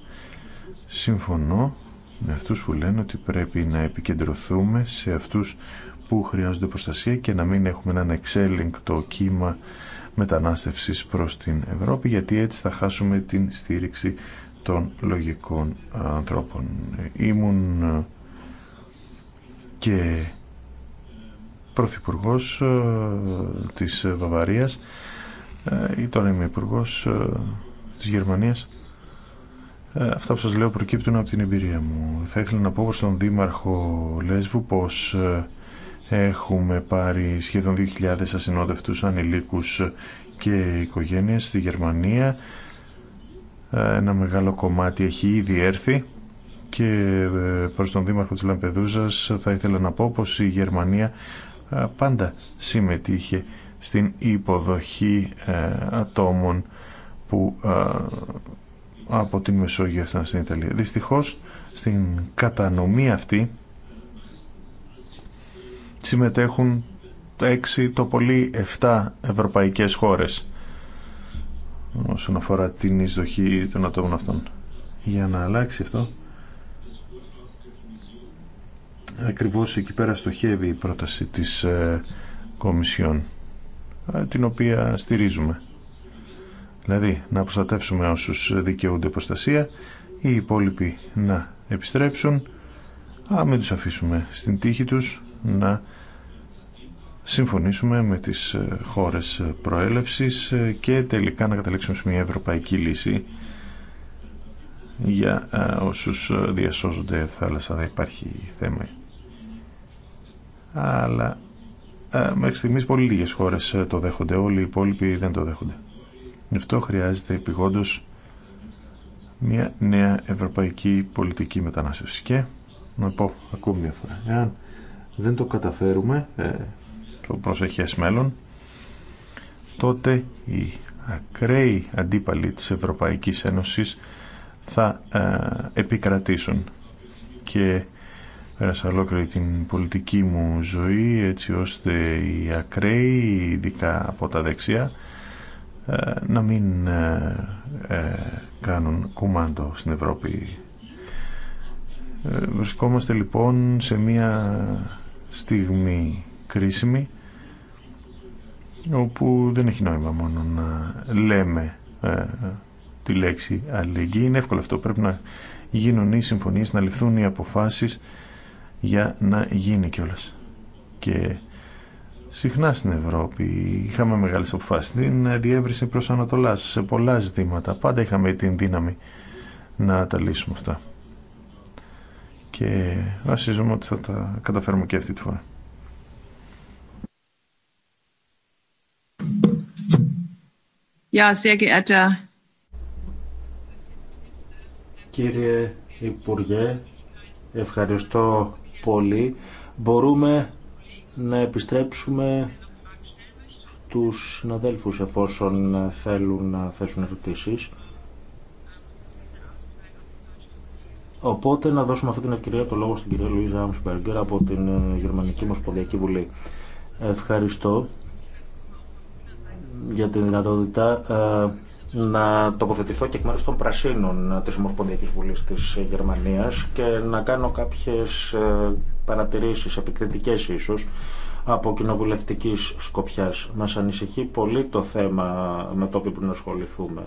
Συμφωνώ με αυτούς που λένε ότι πρέπει να επικεντρωθούμε σε αυτούς που χρειάζονται προστασία και να μην έχουμε έναν εξέλιγκτο κύμα μετανάστευσης προς την Ευρώπη γιατί έτσι θα χάσουμε την στήριξη των λογικών ε, ανθρώπων. Ήμουν ε, και πρωθυπουργός της Βαβαρίας ε, ή τώρα είμαι υπουργό ε, της Γερμανίας. Ε, αυτά που σας λέω προκύπτουν από την εμπειρία μου. Θα ήθελα να πω τον Δήμαρχο Λέσβου πως έχουμε πάρει σχεδόν 2.000 ασυνόδευτούς ανηλίκους και οικογένειες στη Γερμανία. Ένα μεγάλο κομμάτι έχει ήδη έρθει και προς τον Δήμαρχο της Λαμπεδούζας θα ήθελα να πω πως η Γερμανία πάντα συμμετείχε στην υποδοχή ε, ατόμων που ε, από την Μεσόγειο στην Ιταλία. Δυστυχώς στην κατανομή αυτή συμμετέχουν έξι, το πολύ 7 ευρωπαϊκές χώρες όσον αφορά την εισδοχή των ατόμων αυτών. Για να αλλάξει αυτό ακριβώς εκεί πέρα στοχεύει η πρόταση της ε, Κομισιόν. Ε, την οποία στηρίζουμε. Δηλαδή να προστατεύσουμε όσους δικαιούνται προστασία, οι υπόλοιποι να επιστρέψουν, Αμέ μην τους αφήσουμε στην τύχη τους να συμφωνήσουμε με τις ε, χώρες προέλευσης ε, και τελικά να καταλήξουμε σε μια ευρωπαϊκή λύση για όσους διασώζονται θάλασσα δεν υπάρχει θέμα αλλά ε, μέχρι στιγμή πολύ λίγε χώρε ε, το δέχονται, όλοι οι υπόλοιποι δεν το δέχονται. Γι' αυτό χρειάζεται επιγόντω μια νέα ευρωπαϊκή πολιτική μετανάστευση. Και να πω ακόμη μια φορά, εάν δεν το καταφέρουμε ε, το προσεχέ μέλλον, τότε οι ακραίοι αντίπαλοι της Ευρωπαϊκής Ένωσης θα επικρατήσουν και πέρασα ολόκληρη την πολιτική μου ζωή έτσι ώστε οι ακραίοι, ειδικά από τα δεξιά, ε, να μην ε, ε, κάνουν κουμάντο στην Ευρώπη. Βρισκόμαστε λοιπόν σε μια στιγμή κρίσιμη όπου δεν έχει νόημα μόνο να λέμε τη λέξη αλληλεγγύη. Είναι εύκολο αυτό. Πρέπει να γίνουν οι συμφωνίες, να ληφθούν οι αποφάσεις για να γίνει κιόλας. Και συχνά στην Ευρώπη είχαμε μεγάλες αποφάσεις. Την διεύρυνση προς Ανατολάς σε πολλά ζητήματα. Πάντα είχαμε την δύναμη να τα λύσουμε αυτά. Και βασίζομαι ότι θα τα καταφέρουμε και αυτή τη φορά. Ja, sehr geehrter. Κύριε Υπουργέ, ευχαριστώ πολύ μπορούμε να επιστρέψουμε τους συναδέλφους εφόσον θέλουν να θέσουν ερωτήσεις. Οπότε να δώσουμε αυτή την ευκαιρία το λόγο στην κυρία Λουίζα Άμσπεργκερ από την ε, Γερμανική Μοσπονδιακή Βουλή. Ευχαριστώ για την δυνατότητα ε, να τοποθετηθώ και εκ μέρους των Πρασίνων της Ομοσπονδιακής Βουλής της Γερμανίας και να κάνω κάποιες ε, παρατηρήσεις, επικριτικές ίσως, από κοινοβουλευτικής σκοπιάς. Μας ανησυχεί πολύ το θέμα με το οποίο πρέπει να ασχοληθούμε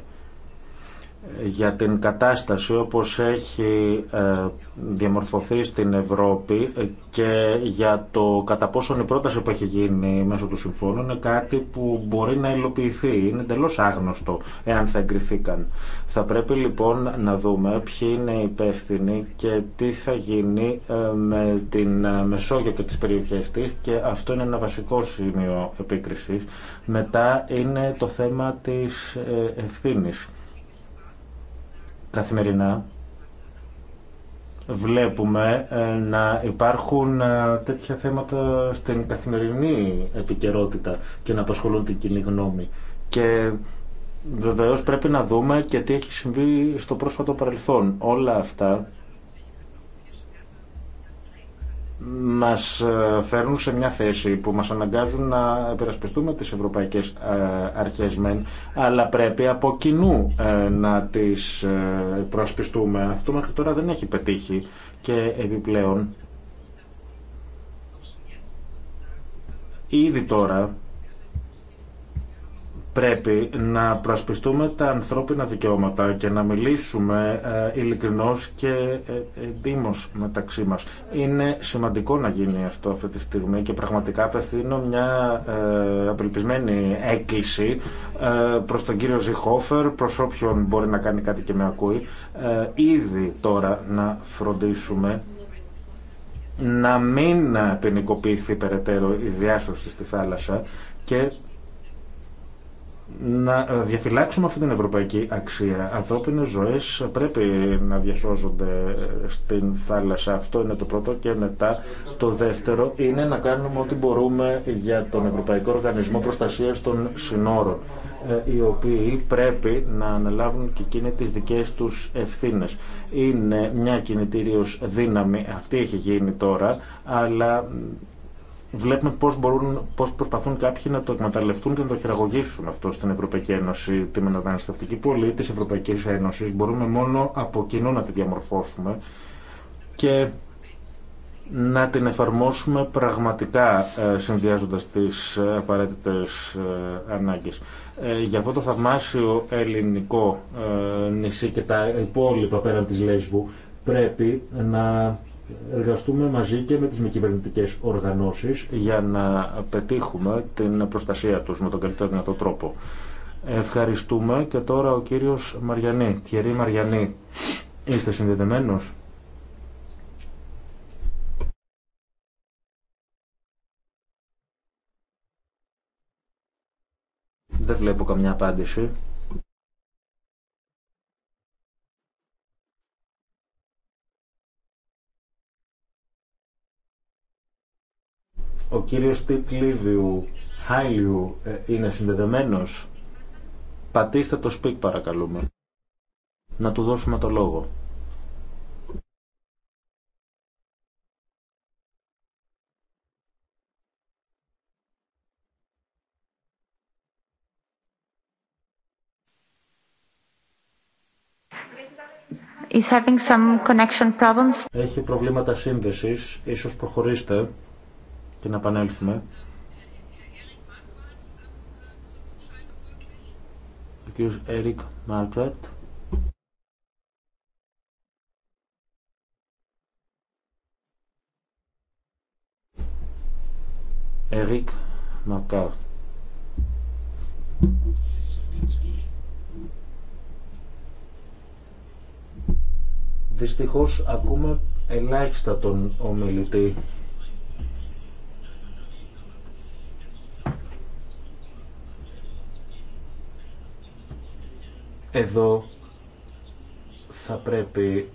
για την κατάσταση όπως έχει ε, διαμορφωθεί στην Ευρώπη και για το κατά πόσον η πρόταση που έχει γίνει μέσω του συμφώνου είναι κάτι που μπορεί να υλοποιηθεί. Είναι τελώς άγνωστο εάν θα εγκριθήκαν. Θα πρέπει λοιπόν να δούμε ποιοι είναι οι υπεύθυνοι και τι θα γίνει ε, με την ε, Μεσόγειο και τις περιοχές της και αυτό είναι ένα βασικό σημείο επίκρισης. Μετά είναι το θέμα της ευθύνης καθημερινά βλέπουμε ε, να υπάρχουν ε, τέτοια θέματα στην καθημερινή επικαιρότητα και να απασχολούν την κοινή γνώμη. Και βεβαίως πρέπει να δούμε και τι έχει συμβεί στο πρόσφατο παρελθόν. Όλα αυτά μας ε, φέρνουν σε μια θέση που μας αναγκάζουν να περασπιστούμε τις ευρωπαϊκές ε, αρχές μεν, αλλά πρέπει από κοινού ε, να τις προασπιστούμε. Αυτό μέχρι τώρα δεν έχει πετύχει και επιπλέον ήδη τώρα πρέπει να προασπιστούμε τα ανθρώπινα δικαιώματα και να μιλήσουμε ε, ειλικρινώς και δήμος ε, ε, μεταξύ μας. Είναι σημαντικό να γίνει αυτό αυτή τη στιγμή και πραγματικά απευθύνω μια απελπισμένη έκκληση προς τον κύριο Ζιχόφερ, προς όποιον μπορεί να κάνει κάτι και με ακούει, ήδη τώρα να φροντίσουμε να μην ποινικοποιηθεί περαιτέρω η διάσωση στη θάλασσα και να ε, διαφυλάξουμε αυτή την ευρωπαϊκή αξία. Ανθρώπινε ζωέ πρέπει να διασώζονται ε, στην θάλασσα. Αυτό είναι το πρώτο. Και μετά το δεύτερο είναι να κάνουμε ό,τι μπορούμε για τον Ευρωπαϊκό Οργανισμό Προστασία των Συνόρων. Ε, οι οποίοι πρέπει να αναλάβουν και εκείνοι τι δικέ του ευθύνε. Είναι μια κινητήριο δύναμη. Αυτή έχει γίνει τώρα. Αλλά βλέπουμε πώς, μπορούν, πώς προσπαθούν κάποιοι να το εκμεταλλευτούν και να το χειραγωγήσουν αυτό στην Ευρωπαϊκή Ένωση. Τη μεταναστευτική Πολίτη, της Ευρωπαϊκής Ένωσης μπορούμε μόνο από κοινού να τη διαμορφώσουμε και να την εφαρμόσουμε πραγματικά ε, συνδυάζοντας τις ε, απαραίτητε ε, ανάγκες. Για αυτό το θαυμάσιο ελληνικό νησί και τα υπόλοιπα πέραν της Λέσβου πρέπει να εργαστούμε μαζί και με τις μη κυβερνητικέ οργανώσεις για να πετύχουμε την προστασία τους με τον καλύτερο δυνατό τρόπο. Ευχαριστούμε και τώρα ο κύριος Μαριανή. Τιερή Μαριανή, είστε συνδεδεμένος. Δεν βλέπω καμιά απάντηση. Ο κύριος Λίβιου, Χάιλιου ε, είναι συνδεδεμένος. Πατήστε το speak παρακαλούμε. Να του δώσουμε το λόγο. Is having some Έχει προβλήματα σύνδεσης. Ίσως προχωρήστε και να επανέλθουμε. Ο κύριος Έρικ Μάρκετ. Έρικ Μακάρ. Δυστυχώς ακούμε ελάχιστα τον ομιλητή Εδώ θα πρέπει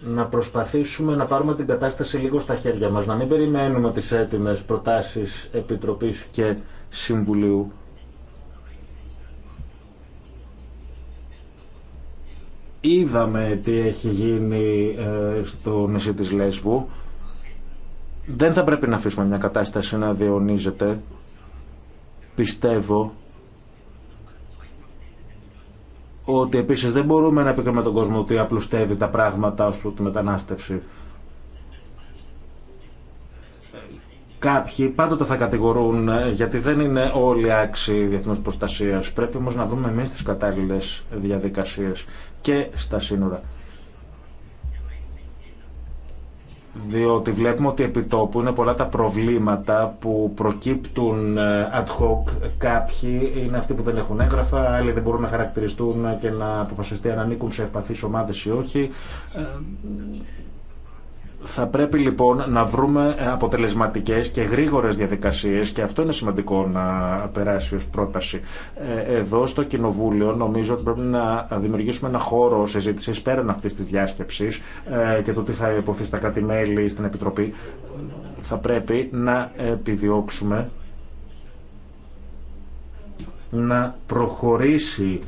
να προσπαθήσουμε να πάρουμε την κατάσταση λίγο στα χέρια μας, να μην περιμένουμε τις έτοιμες προτάσεις Επιτροπής και Συμβουλίου. Είδαμε τι έχει γίνει ε, στο νησί της Λέσβου. Δεν θα πρέπει να αφήσουμε μια κατάσταση να διονύζεται. Πιστεύω ότι επίσης δεν μπορούμε να επικρίνουμε τον κόσμο ότι απλουστεύει τα πράγματα ως προς τη μετανάστευση. Κάποιοι πάντοτε θα κατηγορούν ε, γιατί δεν είναι όλοι άξιοι διεθνούς προστασίας. Πρέπει όμως να δούμε εμείς τις κατάλληλες διαδικασίες και στα σύνορα. διότι βλέπουμε ότι επί τόπου είναι πολλά τα προβλήματα που προκύπτουν ε, ad hoc. Κάποιοι είναι αυτοί που δεν έχουν έγγραφα, άλλοι δεν μπορούν να χαρακτηριστούν και να αποφασιστεί αν ανήκουν σε ευπαθείς ομάδες ή όχι. Ε, θα πρέπει λοιπόν να βρούμε ε, αποτελεσματικές και γρήγορες διαδικασίες και αυτό είναι σημαντικό να περάσει ως πρόταση. Ε, εδώ στο Κοινοβούλιο νομίζω ότι πρέπει να δημιουργήσουμε ένα χώρο συζήτηση πέραν αυτής της διάσκεψης ε, και το τι θα υποθεί στα κράτη-μέλη στην Επιτροπή. Θα πρέπει να επιδιώξουμε να προχωρήσει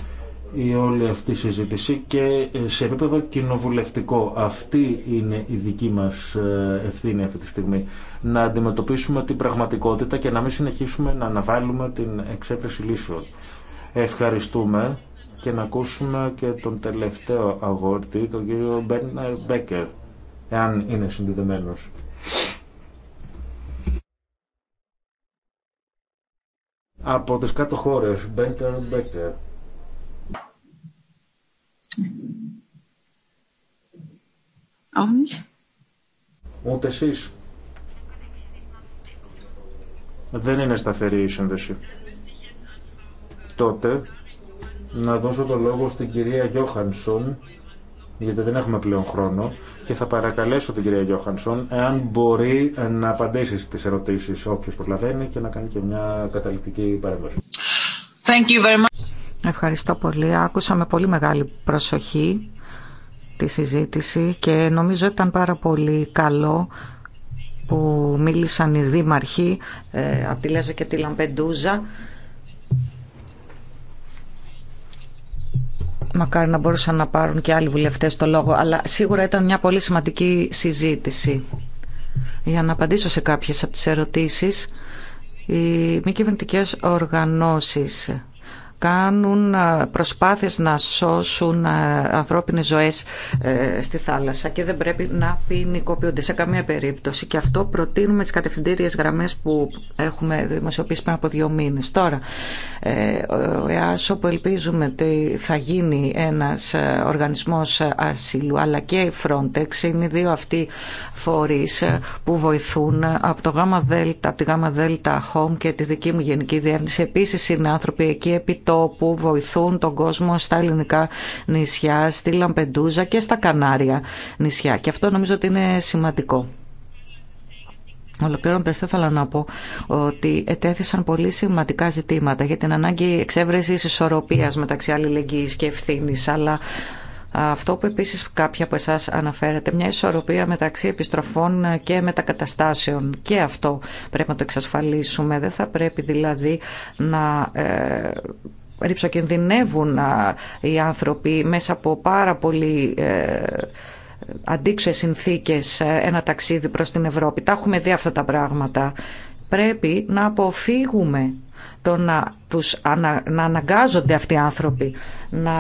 η όλη αυτή η συζήτηση και σε επίπεδο κοινοβουλευτικό. Αυτή είναι η δική μας ε, ευθύνη αυτή τη στιγμή. Να αντιμετωπίσουμε την πραγματικότητα και να μην συνεχίσουμε να αναβάλουμε την εξέφραση λύσεων. Ευχαριστούμε και να ακούσουμε και τον τελευταίο αγόρτη, τον κύριο Μπέρναρ Μπέκερ, εάν είναι συνδεδεμένος. Από τι κάτω χώρες, Μπέρναρ Μπέκερ. Auch nicht? Ούτε εσεί. Δεν είναι σταθερή η σύνδεση. Τότε να δώσω το λόγο στην κυρία Γιώχανσον, γιατί δεν έχουμε πλέον χρόνο, και θα παρακαλέσω την κυρία Γιώχανσον εάν μπορεί ε, να απαντήσει στις ερωτήσεις όποιος προλαβαίνει και να κάνει και μια καταληκτική παρέμβαση. Thank you very much. Ευχαριστώ πολύ. Άκουσα με πολύ μεγάλη προσοχή τη συζήτηση και νομίζω ήταν πάρα πολύ καλό που μίλησαν οι δήμαρχοι ε, από τη Λέσβο και τη Λαμπεντούζα μακάρι να μπορούσαν να πάρουν και άλλοι βουλευτές το λόγο, αλλά σίγουρα ήταν μια πολύ σημαντική συζήτηση. Για να απαντήσω σε κάποιες από τις ερωτήσεις, οι μη κυβερνητικέ οργανώσεις κάνουν προσπάθειες να σώσουν ε, ανθρώπινες ζωές ε, στη θάλασσα και δεν πρέπει να ποινικοποιούνται σε καμία περίπτωση. Και αυτό προτείνουμε τις κατευθυντήριες γραμμές που έχουμε δημοσιοποιήσει πριν από δύο μήνες. Τώρα, ε, ο ΕΑΣΟ που ελπίζουμε ότι θα γίνει ένας οργανισμός ασύλου αλλά και η Frontex είναι οι δύο αυτοί φορείς που βοηθούν από, το γάμα από τη γάμα δέλτα home και τη δική μου γενική διεύθυνση. Επίσης είναι άνθρωποι εκεί που βοηθούν τον κόσμο στα ελληνικά νησιά, στη Λαμπεντούζα και στα Κανάρια νησιά. Και αυτό νομίζω ότι είναι σημαντικό. Ολοκληρώνοντα, θα ήθελα να πω ότι ετέθησαν πολύ σημαντικά ζητήματα για την ανάγκη εξέβρεση ισορροπία μεταξύ αλληλεγγύη και ευθύνη, αλλά αυτό που επίση κάποια από εσά αναφέρετε, μια ισορροπία μεταξύ επιστροφών και μετακαταστάσεων. Και αυτό πρέπει να το εξασφαλίσουμε. Δεν θα πρέπει δηλαδή να ε, ρηψοκινδυνεύουν οι άνθρωποι μέσα από πάρα πολύ ε, αντίξωες συνθήκες ε, ένα ταξίδι προς την Ευρώπη. Τα έχουμε δει αυτά τα πράγματα. Πρέπει να αποφύγουμε το να, τους να αναγκάζονται αυτοί οι άνθρωποι να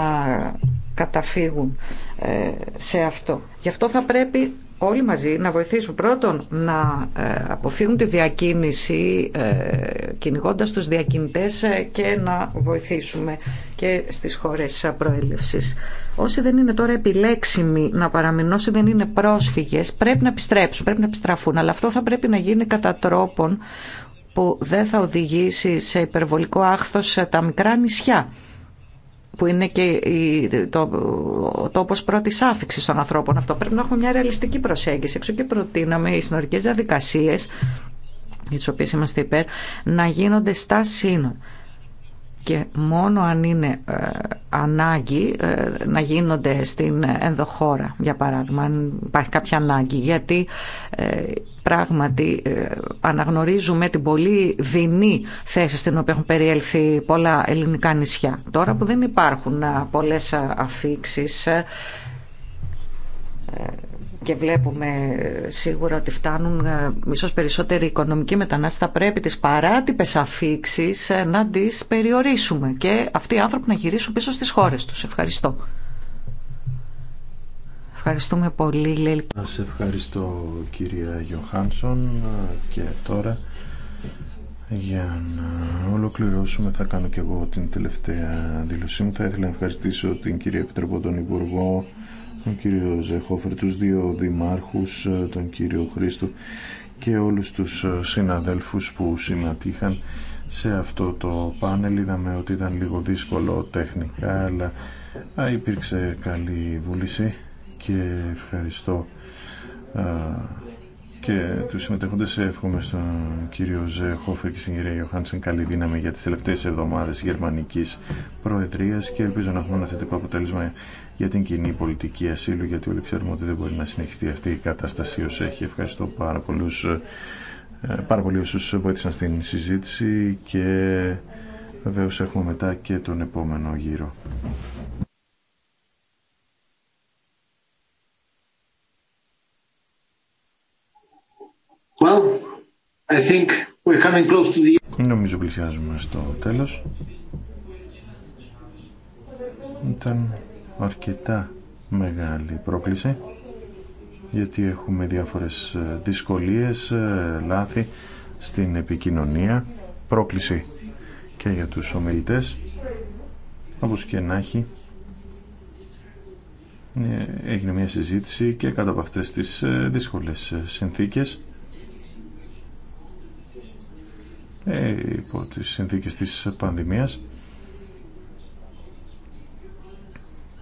καταφύγουν ε, σε αυτό. Γι' αυτό θα πρέπει όλοι μαζί να βοηθήσουν πρώτον να ε, αποφύγουν τη διακίνηση ε, κυνηγώντα τους διακινητές ε, και να βοηθήσουμε και στις χώρες προέλευσης. Όσοι δεν είναι τώρα επιλέξιμοι να παραμείνουν, όσοι δεν είναι πρόσφυγες, πρέπει να επιστρέψουν, πρέπει να επιστραφούν. Αλλά αυτό θα πρέπει να γίνει κατά τρόπον που δεν θα οδηγήσει σε υπερβολικό άχθος τα μικρά νησιά που είναι και το, ο τόπο πρώτη άφηξη των ανθρώπων αυτό. Πρέπει να έχουμε μια ρεαλιστική προσέγγιση. Εξού και προτείναμε οι συνορικές διαδικασίες για τις οποίες είμαστε υπέρ, να γίνονται στα σύνορα και μόνο αν είναι ε, ανάγκη ε, να γίνονται στην ενδοχώρα, για παράδειγμα, αν υπάρχει κάποια ανάγκη, γιατί ε, πράγματι αναγνωρίζουμε την πολύ δεινή θέση στην οποία έχουν περιέλθει πολλά ελληνικά νησιά. Τώρα που δεν υπάρχουν πολλές αφήξεις, και βλέπουμε ε, σίγουρα ότι φτάνουν ίσως ε, περισσότεροι οικονομικοί μετανάστες θα πρέπει τις παράτυπες αφήξει ε, να τις περιορίσουμε και αυτοί οι άνθρωποι να γυρίσουν πίσω στις χώρες τους. Ευχαριστώ. Ευχαριστούμε πολύ Λέλη. Σας ευχαριστώ κυρία Γιωχάνσον και τώρα για να ολοκληρώσουμε θα κάνω και εγώ την τελευταία δήλωσή μου. Θα ήθελα να ευχαριστήσω την κυρία Επιτροπό, τον Υπουργό τον κύριο Ζεχόφερ, τους δύο δημάρχους, ε, τον κύριο Χρήστο και όλους τους ε, συναδέλφους που συμμετείχαν σε αυτό το πάνελ. Είδαμε ότι ήταν λίγο δύσκολο τεχνικά, αλλά υπήρξε καλή βούληση και ευχαριστώ και τους συμμετέχοντες εύχομαι στον κύριο Ζεχόφερ και στην κυρία Ιωχάνσεν καλή δύναμη για τις τελευταίες εβδομάδες γερμανικής προεδρίας και ελπίζω να έχουμε ένα θετικό αποτέλεσμα για την κοινή πολιτική ασύλου, γιατί όλοι ξέρουμε ότι δεν μπορεί να συνεχιστεί αυτή η κατάσταση όσο έχει. Ευχαριστώ πάρα, πολλούς, ε, πάρα πολύ όσους βοήθησαν στην συζήτηση και βεβαίω έχουμε μετά και τον επόμενο γύρο. Well, I think we're coming close to the... Νομίζω πλησιάζουμε στο τέλος. Ήταν αρκετά μεγάλη πρόκληση γιατί έχουμε διάφορες ε, δυσκολίες, ε, λάθη στην επικοινωνία, πρόκληση και για τους ομιλητές όπως και να έχει ε, έγινε μια συζήτηση και κάτω από αυτές τις δύσκολες συνθήκες υπό τις συνθήκες της πανδημίας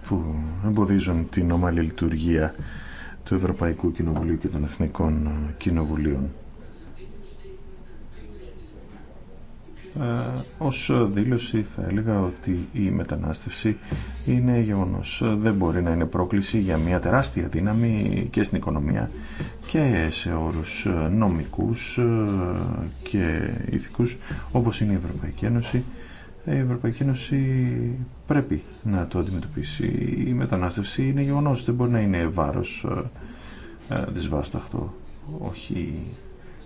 που εμποδίζουν την ομαλή λειτουργία του Ευρωπαϊκού Κοινοβουλίου και των Εθνικών Κοινοβουλίων. Ε, ως δήλωση θα έλεγα ότι η μετανάστευση είναι γεγονός. Δεν μπορεί να είναι πρόκληση για μια τεράστια δύναμη και στην οικονομία και σε όρους νομικούς ε, και ηθικούς όπως είναι η Ευρωπαϊκή Ένωση η Ευρωπαϊκή Ένωση πρέπει να το αντιμετωπίσει. Η μετανάστευση είναι γεγονό δεν μπορεί να είναι βάρος ε, ε, δυσβάσταχτο, όχι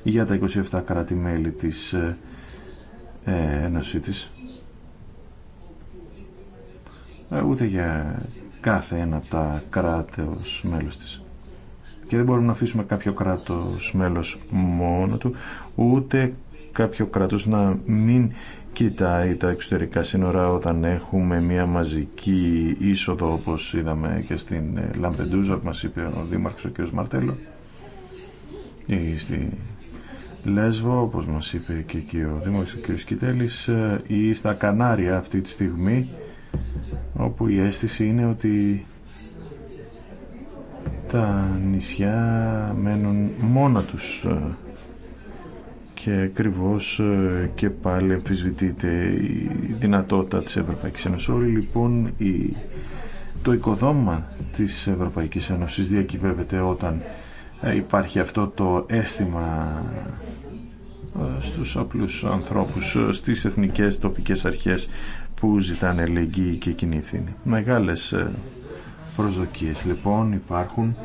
για τα 27 κράτη-μέλη της ε, Ένωσή τη. ούτε για κάθε ένα από τα ω μέλος της. Και δεν μπορούμε να αφήσουμε κάποιο κράτος μέλος μόνο του, ούτε κάποιο κράτος να μην κοιτάει τα εξωτερικά σύνορα όταν έχουμε μια μαζική είσοδο όπως είδαμε και στην ε, Λαμπεντούζα που μας είπε ο Δήμαρχος ο κ. Μαρτέλο ή στη Λέσβο όπως μας είπε και εκεί ο Δήμαρχος ο κ. Σκητέλης ε, ή στα Κανάρια αυτή τη στιγμή όπου η αίσθηση είναι ότι τα νησιά μένουν μόνα τους ε, και ακριβώ ε, και πάλι αμφισβητείται η δυνατότητα της Ευρωπαϊκής Ένωσης. Όλοι λοιπόν το οικοδόμημα της Ευρωπαϊκής Ένωσης διακυβεύεται όταν ε, υπάρχει αυτό το αίσθημα ε, στους απλούς ανθρώπους, στις εθνικές τοπικές αρχές που ζητάνε ελεγγύη και κοινή ευθύνη. Μεγάλες προσδοκίες λοιπόν υπάρχουν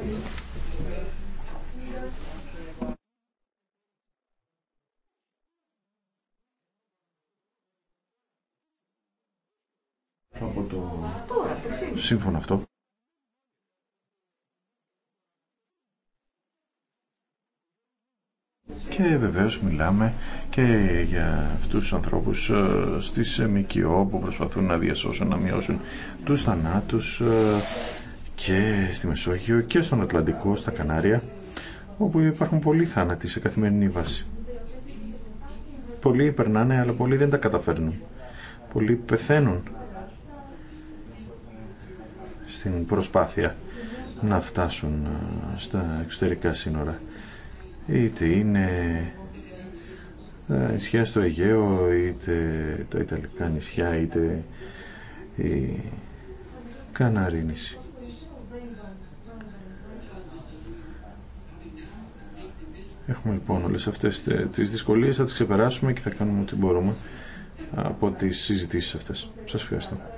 Σύμφωνα αυτό. Και βεβαίως μιλάμε και για αυτούς τους ανθρώπους ε, στις ε, ΜΚΟ που προσπαθούν να διασώσουν, να μειώσουν τους θανάτους ε, και στη Μεσόγειο και στον Ατλαντικό, στα Κανάρια, όπου υπάρχουν πολλοί θάνατοι σε καθημερινή βάση. Πολλοί περνάνε, αλλά πολλοί δεν τα καταφέρνουν. Πολλοί πεθαίνουν στην προσπάθεια να φτάσουν ε, στα εξωτερικά σύνορα. Είτε είναι τα ε, νησιά στο Αιγαίο, είτε τα Ιταλικά νησιά, είτε η Καναρίνηση. Έχουμε λοιπόν όλες αυτές ε, τις δυσκολίες, θα τις ξεπεράσουμε και θα κάνουμε ό,τι μπορούμε από τις συζητήσεις αυτές. Σας ευχαριστώ.